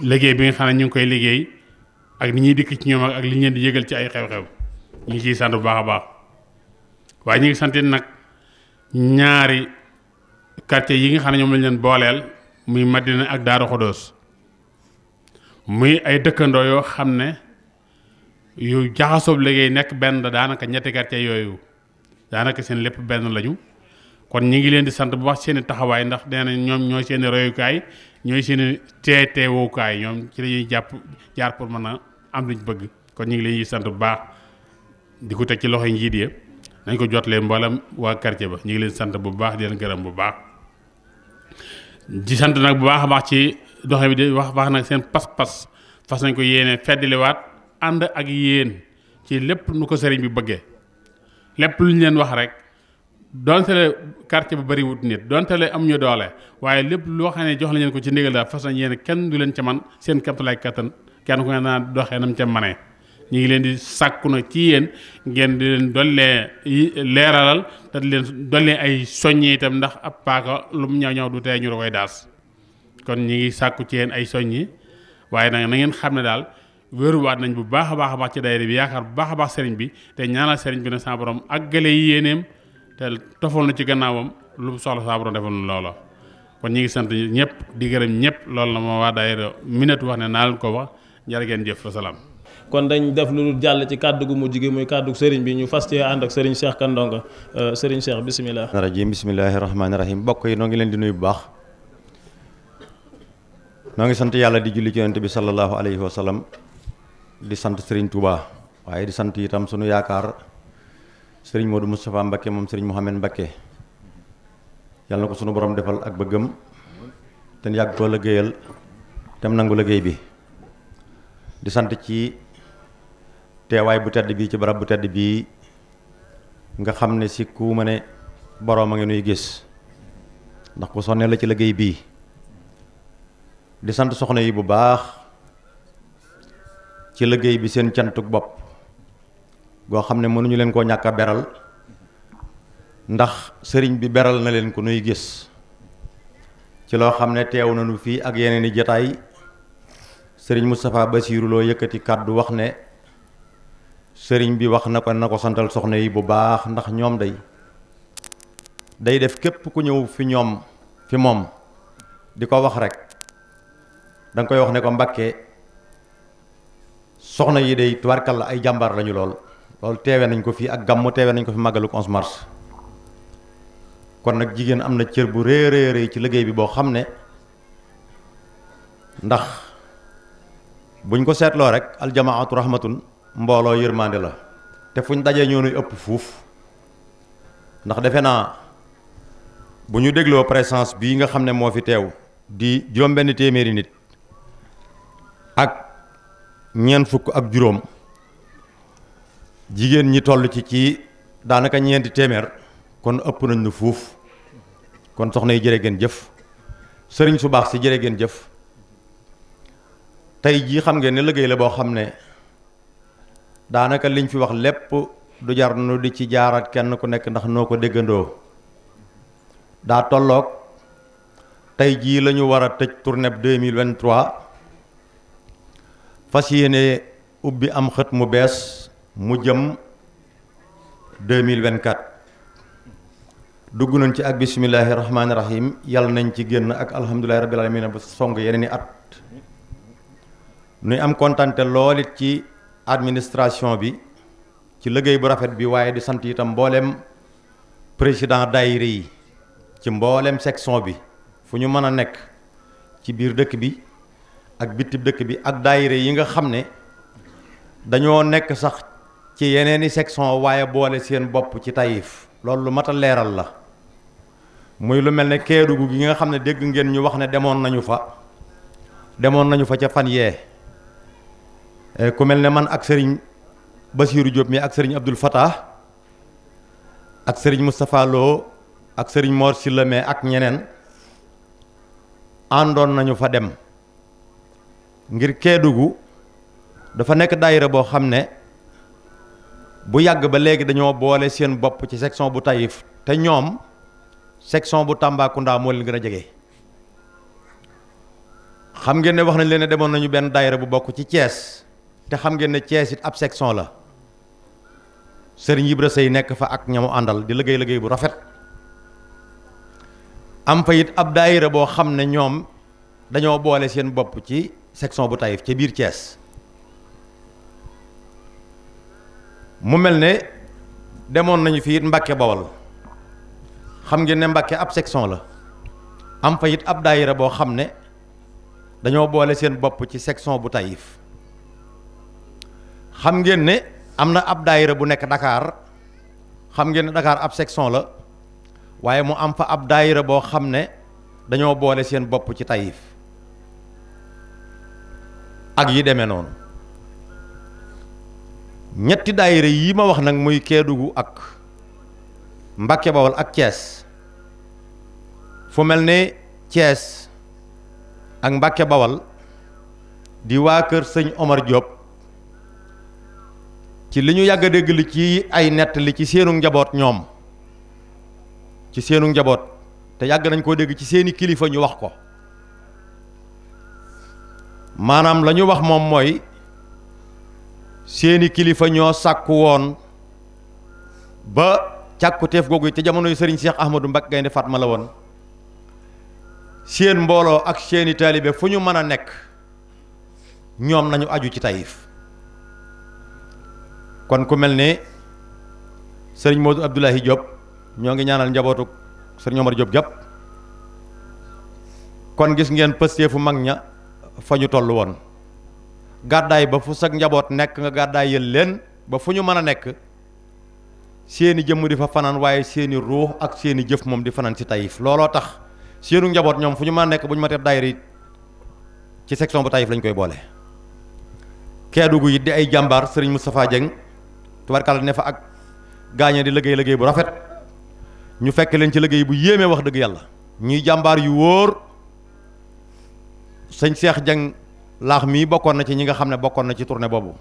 Speaker 9: liggéey bi nga xam ne ñu ngi koy liggéey ak ni ñuy dikk ci ñoom ak li ñu di yëgal ci ay xew-xew ñu ngi ciy sant bu baax a baax waaye ñu ngi sant nag ñaari quartier yi nga xam ne ñoom lañ leen booleel muy Madina ak Daaru Xodoos muy ay dëkkandoo yoo xam ne yu jaxasoob liggéey nekk benn daanaka ñetti quartier yooyu daanaka seen lépp benn lañu kon ñi ngi leen di sant bu baax seen i taxawaay ndax nee na ñoom ñooy seen reyukaay ñooy seen i teeteewukaay ñoom ci lañuy jàpp jaar pour mën a am luñ bëgg kon ñu ngi leen di sant bu baax di ko teg ci loxo njiit ya dañ ko jot leen mboolem waa quartier ba ñu ngi leen sant bu baax leen gërëm bu baax di sant nag bu baax a baax ci. doxe bi di wax wax na seen pas-pas fas nañ ko yéene feddaliwaat ànd ak yéen ci lépp nu ko sëriñ bi bëggee lépp lu ñu leen wax rek donte le bu bari wut nit donteele le ñu doole waaye lépp loo xam ne jox nañ ko ci ndigal daal fas nañ kenn du leen ca man seen kamtalaay kattan kenn ku ne naa doxee nam ca manee ñu ngi leen di sàkku na ci yéen ngeen di leen dollee leeralal te di leen dollee ay soññi itam ndax ab paaka lu mu ñaw ñaw du tey ñu daas kon ñi ngi sàkku ci yéen ay soññi waaye nag na xam ne daal wéeruwaat nañ bu baax a baax a baax ci daayira bi yaakaar bu baax a baax sëriñ bi te ñaanal sëriñ bi ne sa ak àggale yi yéeneem te tofal na ci gannaawam lu mu soxla sa borom defal na kon ñi ngi sant ñëpp
Speaker 2: di gërëm ñëpp loolu na ma waa daayira minute wax ne naa leen ko wax jërë ngeen jëf fa salaam kon dañ def lu dul jàll ci kàddu gu mujj gi muy kàddu sëriñ bi ñu fas cee ànd ak sëriñ Cheikh Kandonga euh, sëriñ Cheikh bisimilah.
Speaker 10: rajim bisimilahi rahmaani rahim mbokk yi noo ngi leen di nuyu bu baax noo ngi sant yàlla di julli ci yonent bi sallallahu alayhi wa sallam di sant sëriñ Touba waaye di sant itam sunu yaakaar Serigne Modou Moustapha Mbakke moom sëriñ Mouhamed Mbakke yàlla na ko sunu borom defal ak bëggam te yàgg koo liggéeyal te mu nangu liggéey bi di sant ci teewaay bu tedd bii ci barab bu tedd bii nga xam ne si ku ma ne borom a ngi nuy gis ndax ku sonne la ci liggéey bii. di sant soxna yi bu baax ci liggéey bi seen cantuk bopp goo xam ne mënuñu leen koo ñàkk a beral ndax sëriñ bi beral na leen ku nuy gis ci loo xam ne teew nañu fii ak yeneen i jataay sëriñ Moustapha Bassirou loo yëkkati kàddu wax ne sëriñ bi wax na ko na ko santal soxna yi bu baax ndax ñoom day day def képp ku ñëw fi ñoom fi moom di ko wax rek danga koy wax ne ko Mbàkke soxna yi day tubaarkal la ay jàmbaar lañu lool loolu teewe nañ ko fii ak gàmmu teewe nañ ko fi màggalu 11 mars kon nag jigéen am na cër bu rëy rëy ci liggéey bi boo xam ne ndax buñ ko seetloo rek aljamaatu rahmatun mbooloo yërmande la te fuñ dajee ñoo nuy ëpp fuuf ndax defe naa bu ñu dégloo présence bi nga xam ne moo fi teew di juróom-benn téeméeri nit ak ñeent fukk ak juróom jigéen ñi toll ci ci daanaka ñeenti téeméer kon ëpp nañ nu fuuf kon soxna yi jërë ngeen jëf sëriñ su baax si jërë ngeen jëf tey jii xam ngeen ni liggéey la boo xam ne daanaka liñ fi wax lépp du jar nu di ci jaaral kenn ku nekk ndax noo ko déggandoo daa tolloog tey jii lañu ñu war a tëj tournée 2023 fas yéene ubbi am xët mu bees mu jëm 2024 dugg nañ ci ak bisimillahi rahmaani rahim yàlla nañ ci génn ak alhamdulilahi rabbil alamin ba song yeneen i at nuy am kontante loolit ci administration bi ci liggéey bu rafet bi waaye di sant itam mbooleem président daayira yi ci mbooleem section bi fu ñu mën a nekk ci biir dëkk bi ak bitib dëkk bi ak daayira yi nga xam ne dañoo nekk sax ci yeneeni section waaye boole seen bopp ci Taïf loolu lu mat a leeral la muy lu mel ne Kédougou gi nga xam ne dégg ngeen ñu wax ne demoon nañu fa demoon nañu fa ca fan yee e, ku mel ne man ak sëriñ Basiiru Diop mi ak sëriñ Abdul Fatah ak sëriñ Moustapha Lo ak sëriñ Mor Silla mais ak ñeneen àndoon nañu fa dem ngir Kédougou dafa nekk daayira boo xam ne bu yàgg ba léegi dañoo boole seen bopp ci section bu Taïf te ñoom section bu Tambacounda moo leen gën a jege xam ngeen ne wax nañ leen ne demoon nañu benn daayira bu bokk ci Thiès te xam ngeen ne Thiès it ab section la Serigne Ibra Sey nekk fa ak ñamu àndal di liggéey liggéey bu rafet am fa it ab daayira boo xam ne ñoom dañoo boole seen bopp ci section bu Taïf ca biir Thiès mu mel ne demoon nañu fi it Mbàkke Bawal xam ngeen ne Mbàkke ab section la am fa it ab daayira boo xam ne dañoo boole seen bopp ci section bu Taïf xam ngeen ne am na ab daayira bu nekk Dakar xam ngeen ne Dakar ab section la waaye mu am fa ab daayira boo xam ne dañoo boole seen bopp ci Taïf ak yi demee noonu ñetti daayira yi ma wax nag muy Kédougou ak Mbacké Bawol ak Thiès fu mel ne cees ak Mbacké Bawol di waa kër sëñ Omar Diop ci li ñu yàgg a dégg li ci ay nett ci seenu njaboot ñoom ci seenu njaboot te yàgg nañ ko dégg ci seeni kilifa ñu wax ko maanaam la wax moom mooy seeni kilifa ñoo sàkku woon ba càkkuteef googu te jamonoy sëriñ Cheikh Ahmadou Mbacké Gaynde Fatma la woon seen mbooloo ak seeni taalibe fu ñu mën a nekk ñoom nañu aju ci Taïf kon ku mel ni sëriñ Modou Abdoulahi Diop ñoo ngi ñaanal njabootu sëriñ Omar Diop jàpp kon gis ngeen fu mag ña fa ñu toll woon gàddaay ba fu sag njaboot nekk nga gàddaay yël leen ba fu ñu mën a nekk seeni jëmm di fa fanaan waaye seeni ruux ak seeni jëf moom di fanaan si tayif looloo tax seenu njaboot ñoom fu ñu mën a nekk bu ñu ma teeb daayira ci section bu tayif lañ koy boole keedugu it di ay jàmbaar sëriñ Moustapha Dieng tubarkàlla ne fa ak gaañe di liggéey liggéey bu rafet ñu fekk leen ci liggéey bu yéemee wax dëgg yàlla ñuy jàmbaar yu wóor sëñ Cheikh Dieng laax mii bokkoon na ci ñi nga xam ne bokkoon na ci tournée boobu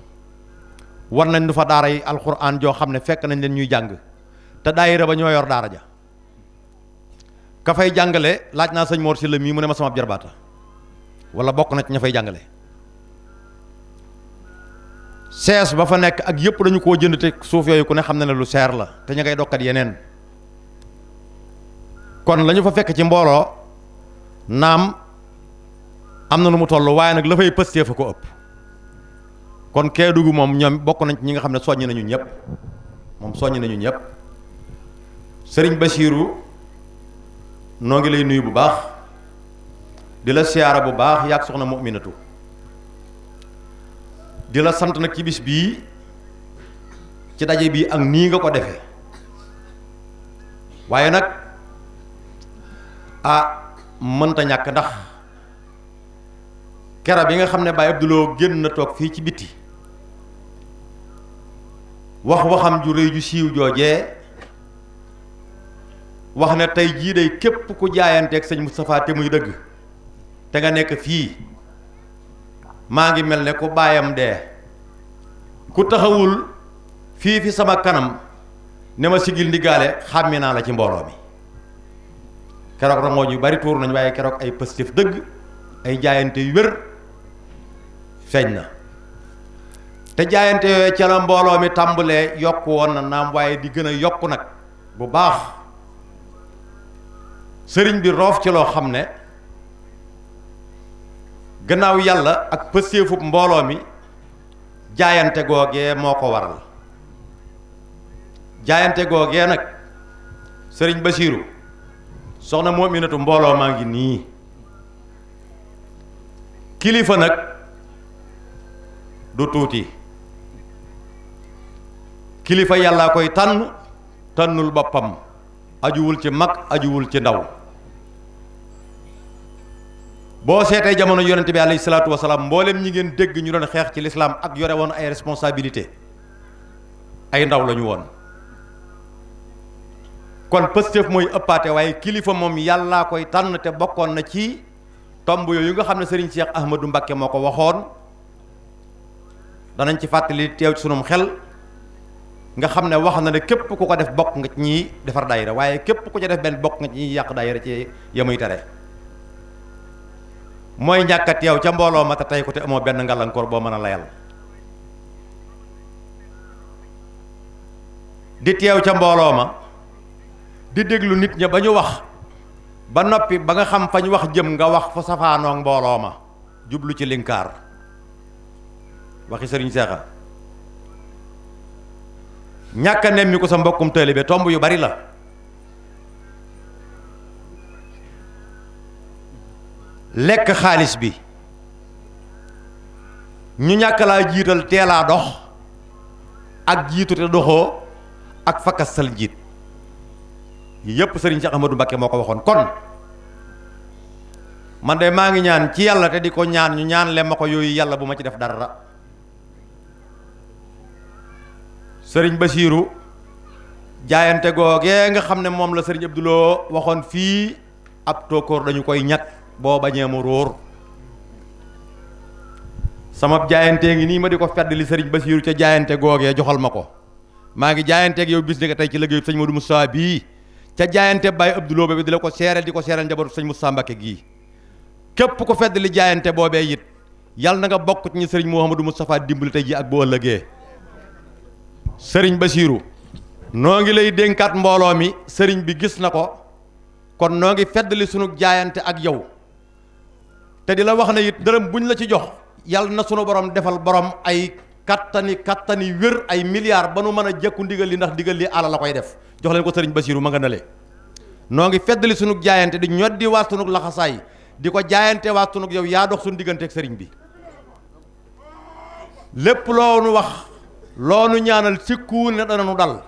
Speaker 10: war nañ du fa daara yi alxuraan joo xam ne fekk nañ leen ñuy jàng te daayira ba ñoo yor daara ja ka fay jàngale laaj naa sëñ si la mii mu ne ma sama jarbaata wala bokk na ci ña fay jàngale sees ba fa nekk ak yépp dañu ko jënd te suuf yooyu ku ne xam na ne lu seer la te ña ngay dokkat yeneen kon lañu fa fekk ci mbooloo naam am na lu mu toll waaye nag la fay pëstee fa ko ëpp kon Kédougou moom ñoom bokk nañ ci ñi nga xam ne soññ nañu ñëpp moom soññ nañu ñëpp sëriñ Basiiru noo ngi lay nuyu bu baax di la siyaara bu baax yaag soxna mu'minatu di la sant nag kibis bii ci daje bii ak nii nga ko defe waaye nag ah mënta ñàkk ndax kera bi nga xam ne Baye Abdoulou génn na toog fii ci bitti wax waxam ju rëy ju siiw joojee wax na tey jii day képp ku jaayanteeg sëñ Moustapha te muy dëgg te nga nekk fii maa ngi mel ne ku baayam dee ku taxawul fii fi sama kanam ne ma sigil ndigaale xàmmi naa la ci mbooloo mi keroog rango ñu bari tuur nañ waaye keroog ay pëstif dëgg ay jaayante yu wér feeñ na te jaayante yooyu ca la mbooloo mi tàmbalee yokk woon na naam waaye di gën a yokk nag bu baax sëriñ bi roof ci loo xam ne gannaaw yàlla ak pëseefub mbooloo mi jaayante googee moo ko waral jaayante googee nag sëriñ Basiiru soxna moominatu mbooloo maa ngi nii kilifa nag du tuuti kilifa yàllaa koy tànn tànnul boppam ajuwul ci mag ajuwul ci ndaw boo seetee jamono yonente bi alayhi salaatu wasalaam mboolem ñi ngeen dégg ñu doon xeex ci lislaam ak yore woon ay responsabilité ay ndaw lañu woon kon pëstef mooy ëppaate waaye kilifa moom yàllaa koy tànn te bokkoon na ci tomb yooyu nga xam ne Serigne Cheikh Ahmadou Mbacké moo ko waxoon danañ ci fàttali teew ci sunum xel nga xam ne wax na ne képp ku ko def bokk nga ci ñiy defar daayira waaye képp ku ca def benn bokk nga ci ñiy yàq daayira ci yamuy tere mooy ñàkk a teew ca mbooloo ma te tey ko te amoo benn ngàllankoor boo mën a layal di teew ca mbooloo ma di déglu nit ña ba ñu wax ba noppi ba nga xam fa ñu wax jëm nga wax fa safaanoog mbooloo ma jublu ci linkaar waxi sëriñ seexa ñàkk a nemmi ko sa mbokkum taalibe tomb yu bari la lekk xaalis bi ñu ñàkk laa jiital teelaa dox ak jiitu te doxoo ak fakkas sal jiit yépp sëriñ Cheikh Ahmadou Mbacké moo ko waxoon kon man de maa ngi ñaan ci yàlla te di ko ñaan ñu ñaan leen ma ko yooyu yàlla bu ma ci def dara sëriñ Basiiru jaayante googee nga xam ne moom la sëriñ Abduloo waxoon fii ab tokkoor dañu koy ñag boo bañee mu róor sama jaayantee ngi nii ma di ko fedd li sëriñ Basiiru ca jaayante googee joxal ma ko maa ngi jaayanteeg yow bis ni ko tey ci liggéeyu sëñ Modou Moussa bii ca jaayante Baye Abduloo bi di la ko seereel di ko seereel njabootu sëñ Moussa Mbacké gii képp ku fedd li jaayante boobee it yal na nga bokk ci ñu sëriñ Mouhamadou Moustapha dimbali tey ji ak boo ëllëgee sëriñ Basiiru noo ngi lay dénkaat mbooloo mi sëriñ bi gis na ko kon noo ngi feddali sunu jaayante ak yow te di la wax ne it dërëm buñ la ci jox yàlla na sunu borom defal borom ay kattani kattani wér ay milliards ba nu mën a jekku ndigal li ndax ndigal li àlla la koy def jox leen ko sëriñ Basiiru ma nga nale noo ngi feddali sunu jaayante di ñoddi waat sunu laxasaay di ko jaayante waat sunu yow yaa dox sunu diggante ak sëriñ bi lépp loo wax. loonu ñaanal sikkuwul ne dana nu dal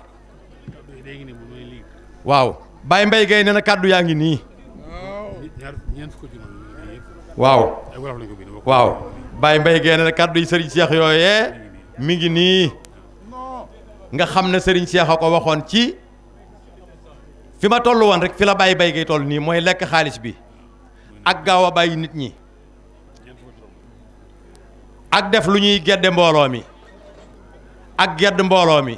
Speaker 10: waaw Baye Mbaye Gueye nee na kàddu yaa ngi nii
Speaker 9: waaw waaw
Speaker 10: Baye Mbaye Gueye nee na kàddu yi Serigne Cheikh yooyee mi ngi nii nga xam ne sëriñ Cheikh a ko waxoon ci fi ma toll woon rek fi la Baye bay Gueye toll nii mooy lekk xaalis bi ak gaaw a bàyyi nit ñi ak def lu ñuy gedde mbooloo mi ak gedd mbooloo mi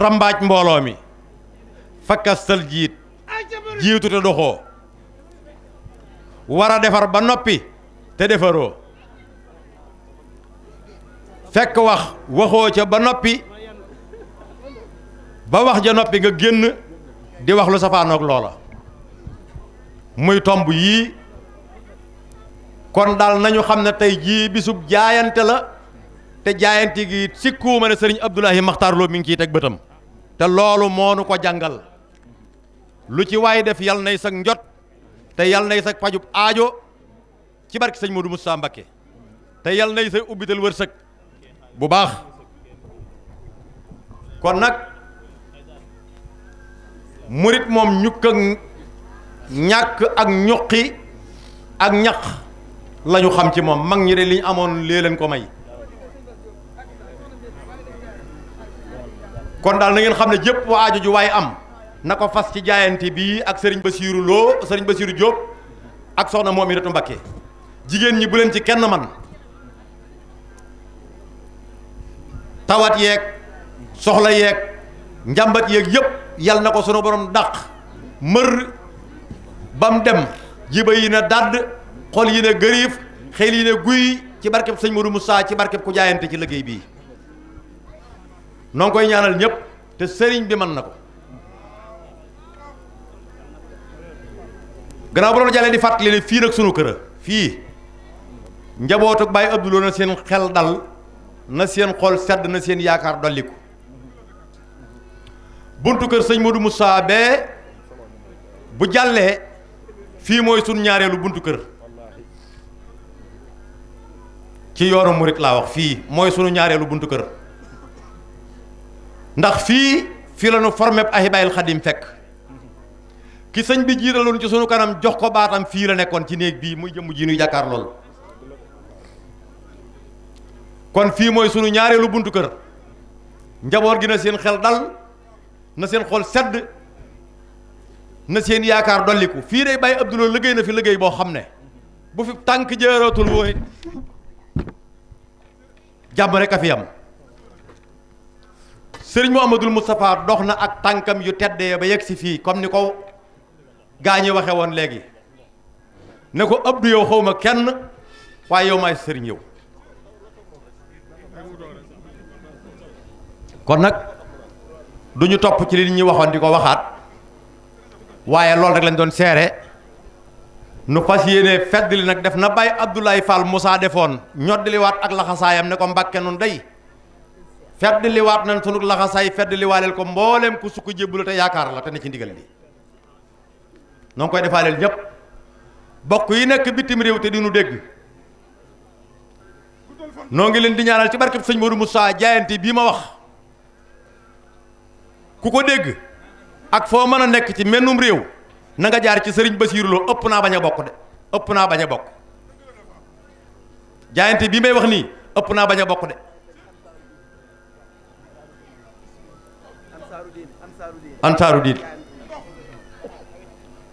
Speaker 10: rambaaj mbooloo mi fakkastal jiit jiitu te doxoo war defar ba noppi te defaroo fekk wax waxoo ca ba noppi ba wax ja noppi nga génn di wax lu safaanoog loola muy tomb yii kon dal nañu xam ne tey jii bisub jaayante la te jaayante gi sikkuuma ne sëriñ Abdoulahi Makhtar Lo mi ngi ciy teg bëtam te loolu moonu ko jàngal lu ci waay def yal nay sag njot te yal nay sag pajub aajo ci barke sëñ Modou Moussa Mbakke te yal nay say ubbital wërsëg bu baax kon nag murit moom ñukk ak ñàkk ak ñuqi ak ñaq lañu xam ci moom mag ñi de li ñu amoon lee leen ko may kon daal na ngeen xam ne jëpp waajo ju waay am na ko fas ci jaayante bi ak sëriñ Basiiru Lo sëriñ Basiiru Diop ak soxna moom yi datu Mbakke jigéen ñi bu leen ci kenn man tawat yeeg soxla yeeg njàmbat yeeg yëpp yal na ko sunu borom dàq mër bam dem jiba yi na dàdd xol yi ne gëriif xel yi ne guy ci barkeb sëñ Modou saa ci barkeb ku jaayante ci liggéey bii noo koy ñaanal ñëpp te sëriñ bi mën na ko gannaaw bu loolu jàllee di fàttali ne fii nag sunu kër fii njabootu Baye Abdoulou na seen xel dal na seen xol sedd na seen yaakaar dolliku buntu kër sëñ Modou musaa bee bu jàllee fii mooy sunu ñaareelu buntu kër ci yoonu murit laa wax fii mooy sunu ñaareelu buntu kër ndax fii fii la forme formé ahibayil xadim fekk ki sëñ bi jiiraloon ci sunu kanam jox ko baatam fii la nekkoon ci néeg bii muy jëmm ji nuy jàkkaar kon fii mooy sunu ñaareelu buntu kër njaboot gi na seen xel dal na seen xool sedd na seen yaakaar dolliku fii day bàyyi Abdoulaye liggéey na fi liggéey boo xam ne bu fi tànk jërootul woon jàmm rek a fi yam sëriñ Mouhamadul Moustapha dox na ak tànkam yu teddee ba yegg si fii comme ni ko gaa ñi waxe woon léegi ne ko Abdou yow xaw ma kenn waaye yow maay sëriñ yow kon nag du ñu topp ci li ñu waxoon di ko waxaat waaye loolu rek lañ doon seere nu fas yéene fedd li nag def na bàyyi Abdoulaye Fall Moussa defoon ñoddiliwaat ak laxasaayam ne ko Mbàkke dey fedd liwaat nañ sunu laxasaay fedd liwaaleel ko mbooleem ku sukk jébbalu te yaakaar la te ne ci ndigal li noo ngi koy defaaleel ñépp bokk yi nekk bitim réew te di nu dégg noo ngi leen di ñaanal ci barkeb sëñ Modou Moussa jaayante bii ma wax ku ko dégg ak foo mën a nekk ci mennum réew nanga jaar ci sëriñ basiirloo ëpp naa bañ a bokk de ëpp naa bañ a bokk jaayante bii may wax nii ëpp naa bañ a bokk de ansaaru diin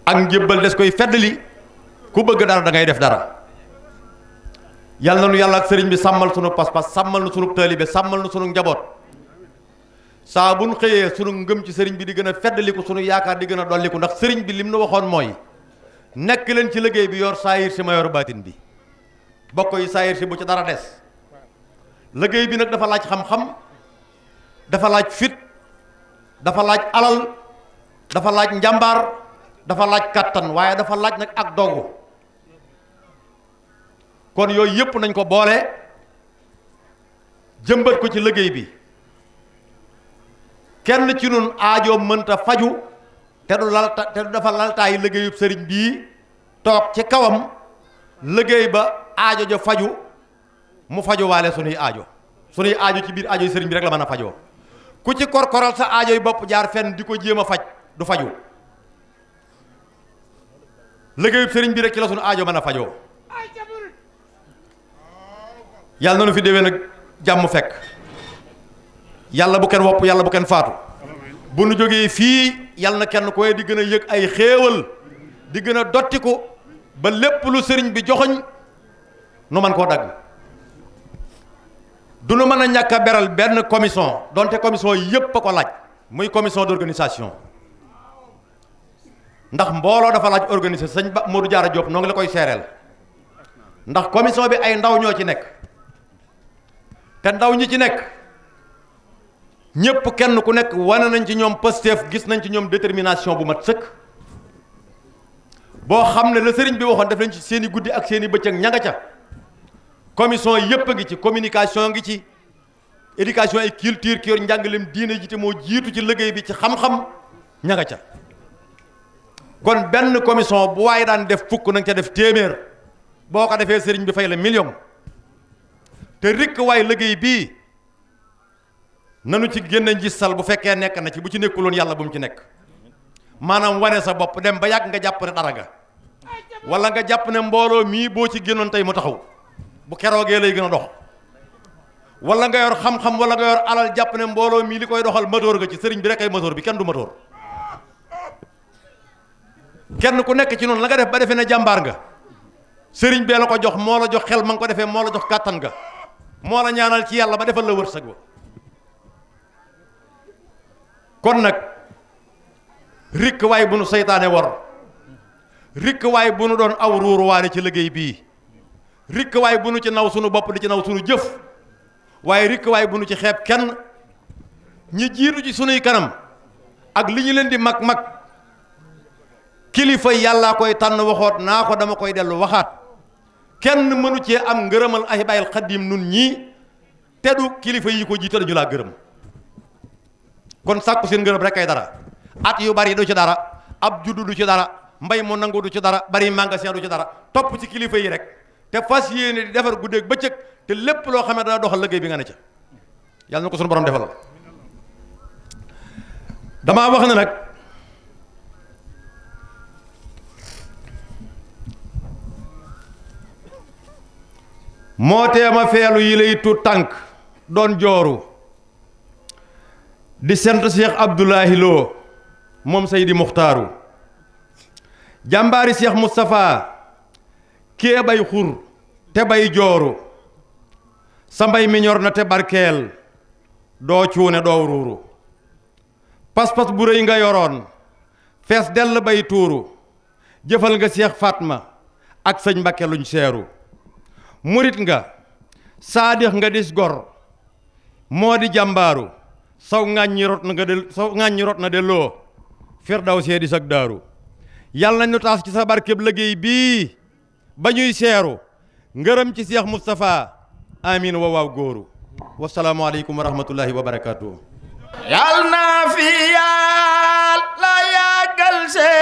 Speaker 10: ak njëbbal des koy feddali ku bëgg dara dangay def dara yàlla na nu yàlla ak sëriñ bi sàmmal sunu pas-pas sàmmal nu sunu taalibe sàmmal na sunu njaboot saa bu nu xëyee sunu ngëm ci sëriñ bi di gën a feddaliku sunu yaakaar di gën a dolliku ndax sëriñ bi lim nu waxoon mooy nekk leen ci liggéey bi yor saayir si ma baatin bi bokk yi saayir si bu ci dara des liggéey bi nag dafa laaj xam-xam dafa laaj fit dafa laaj alal dafa laaj njàmbar dafa laaj kàttan waaye dafa laaj nag ak dogu kon yooyu yëpp nañ ko boole jëmbat ko ci liggéey bi kenn ci nun aajoo mënta faju te du lalta te du dafa laltaayi liggéeyub sëriñ bii toog ci kawam liggéey ba aajo ja faju mu fajowaale sunuy aajo sunuy aajo ci biir aajo yi sëriñ bi rek la mën a fajoo ku ci koral sa aajo yi bopp jaar fenn di ko jéem a faj du faju liggéeyub sëriñ bi rek ci la sunu aajo mën a fajoo yàlla na nu fi déwén nag jàmm fekk yàlla bu kenn wopp yàlla bu kenn faatu bu nu jógee fii yàlla na kenn koy di gën a yëg ay xéewal di gën a dottiku ba lépp lu sëriñ bi joxoñ nu man koo dagg du nu mën a ñàkk a beral benn commission donte commission yépp a ko laaj muy commission d'organisation ndax mbooloo dafa laaj organiser sëñ Ba Modou Diarra Diop noo ngi la koy seereel ndax commission bi ay ndaw ñoo ci nekk te ndaw ñi ci nekk ñépp kenn ku nekk wane nañ ci ñoom Pastef gis nañ ci ñoom détermination bu mat sëkk boo xam ne la sëriñ bi waxoon def nañ ci seen guddi ak seeni bëccëg ña nga ca commission yëpp a ngi ci communication ngi ci éducation et culture ki yor njàngalem diine ji te moo jiitu ci liggéey bi ci xam-xam ña nga ca kon benn commission bu waaye daan def fukk na nga ca def téeméer boo ko defee sëriñ bi fay la million te rikk waay liggéey bi nanu ci génn génne sal bu fekkee nekk na ci bu ci nekkuloon yàlla bu mu ci nekk maanaam wane sa bopp dem ba yàgg nga jàpp ne dara nga wala nga jàpp ne mbooloo mii boo ci génnoon tey mu taxaw bu keroogee lay gën a dox walla nga yor xam-xam wala nga yor alal jàpp ne mbooloo mii li koy doxal moteur ga ci sëriñ bi rek ay moteur bi kenn du moteur kenn ku nekk ci noonu la nga def ba defee ne jàmbaar nga sëriñ bee la ko jox moo la jox xel ma nga ko defee moo la jox kàttan ga moo la ñaanal ci yàlla ba defal la wërsëg ba kon nag rikk waay bu nu seytaane wor rikk waay bu nu doon aw ruuruwaane ci liggéey bii rikk waay bu nu ci naw sunu bopp di ci naw sunu jëf waaye rikk waay bu nu ci xeeb kenn ñi jiitu ci sunuy kanam ak li ñu leen di mag mag kilifa yàllaa koy tànn waxoot naa ko dama koy dellu waxaat kenn mënu cee am ngërëmal ahibayil xaddim nun ñii te du kilifa yi ko jiite dañu laa gërëm kon sàkku seen ngërëm rek ay dara at yu bari du ci dara ab juddu du ci dara mbay mu nangu du ci dara bari magasin du ci dara topp ci kilifa yi rek te fas yéene di defar guddeeg bëccëg te lépp loo xam ne dana doxal liggéey bi nga ne ca yàlla na ko sunu borom defal la damaa wax ne nag moo teema feelu yi lay tu tànk doon jooru di sant Cheikh Abdoulahi Lo moom Seydi Muxtaaru jàmbaari Cheikh Moustapha kee bay xur te bay jooru sa mbay mi ñor na te barkeel doo cuune doo ruuru pas-pas bu rëy nga yoroon fees dell bay tuuru jëfal nga Seex Fatma ak sëñ Mbakke luñ seeru murit nga saadix nga dis gor moo di jàmbaaru saw ŋàññi rot na nga de firdaw see di sag daaru yàlla taas ci sa barkeb liggéey bii ba ñuy seeru ngërëm ci Cheikh Moustapha amin wa waaw góoru wasalaamu aleykum wa rahmatullahi wa barakaatu.
Speaker 3: yàlla naa fi yàlla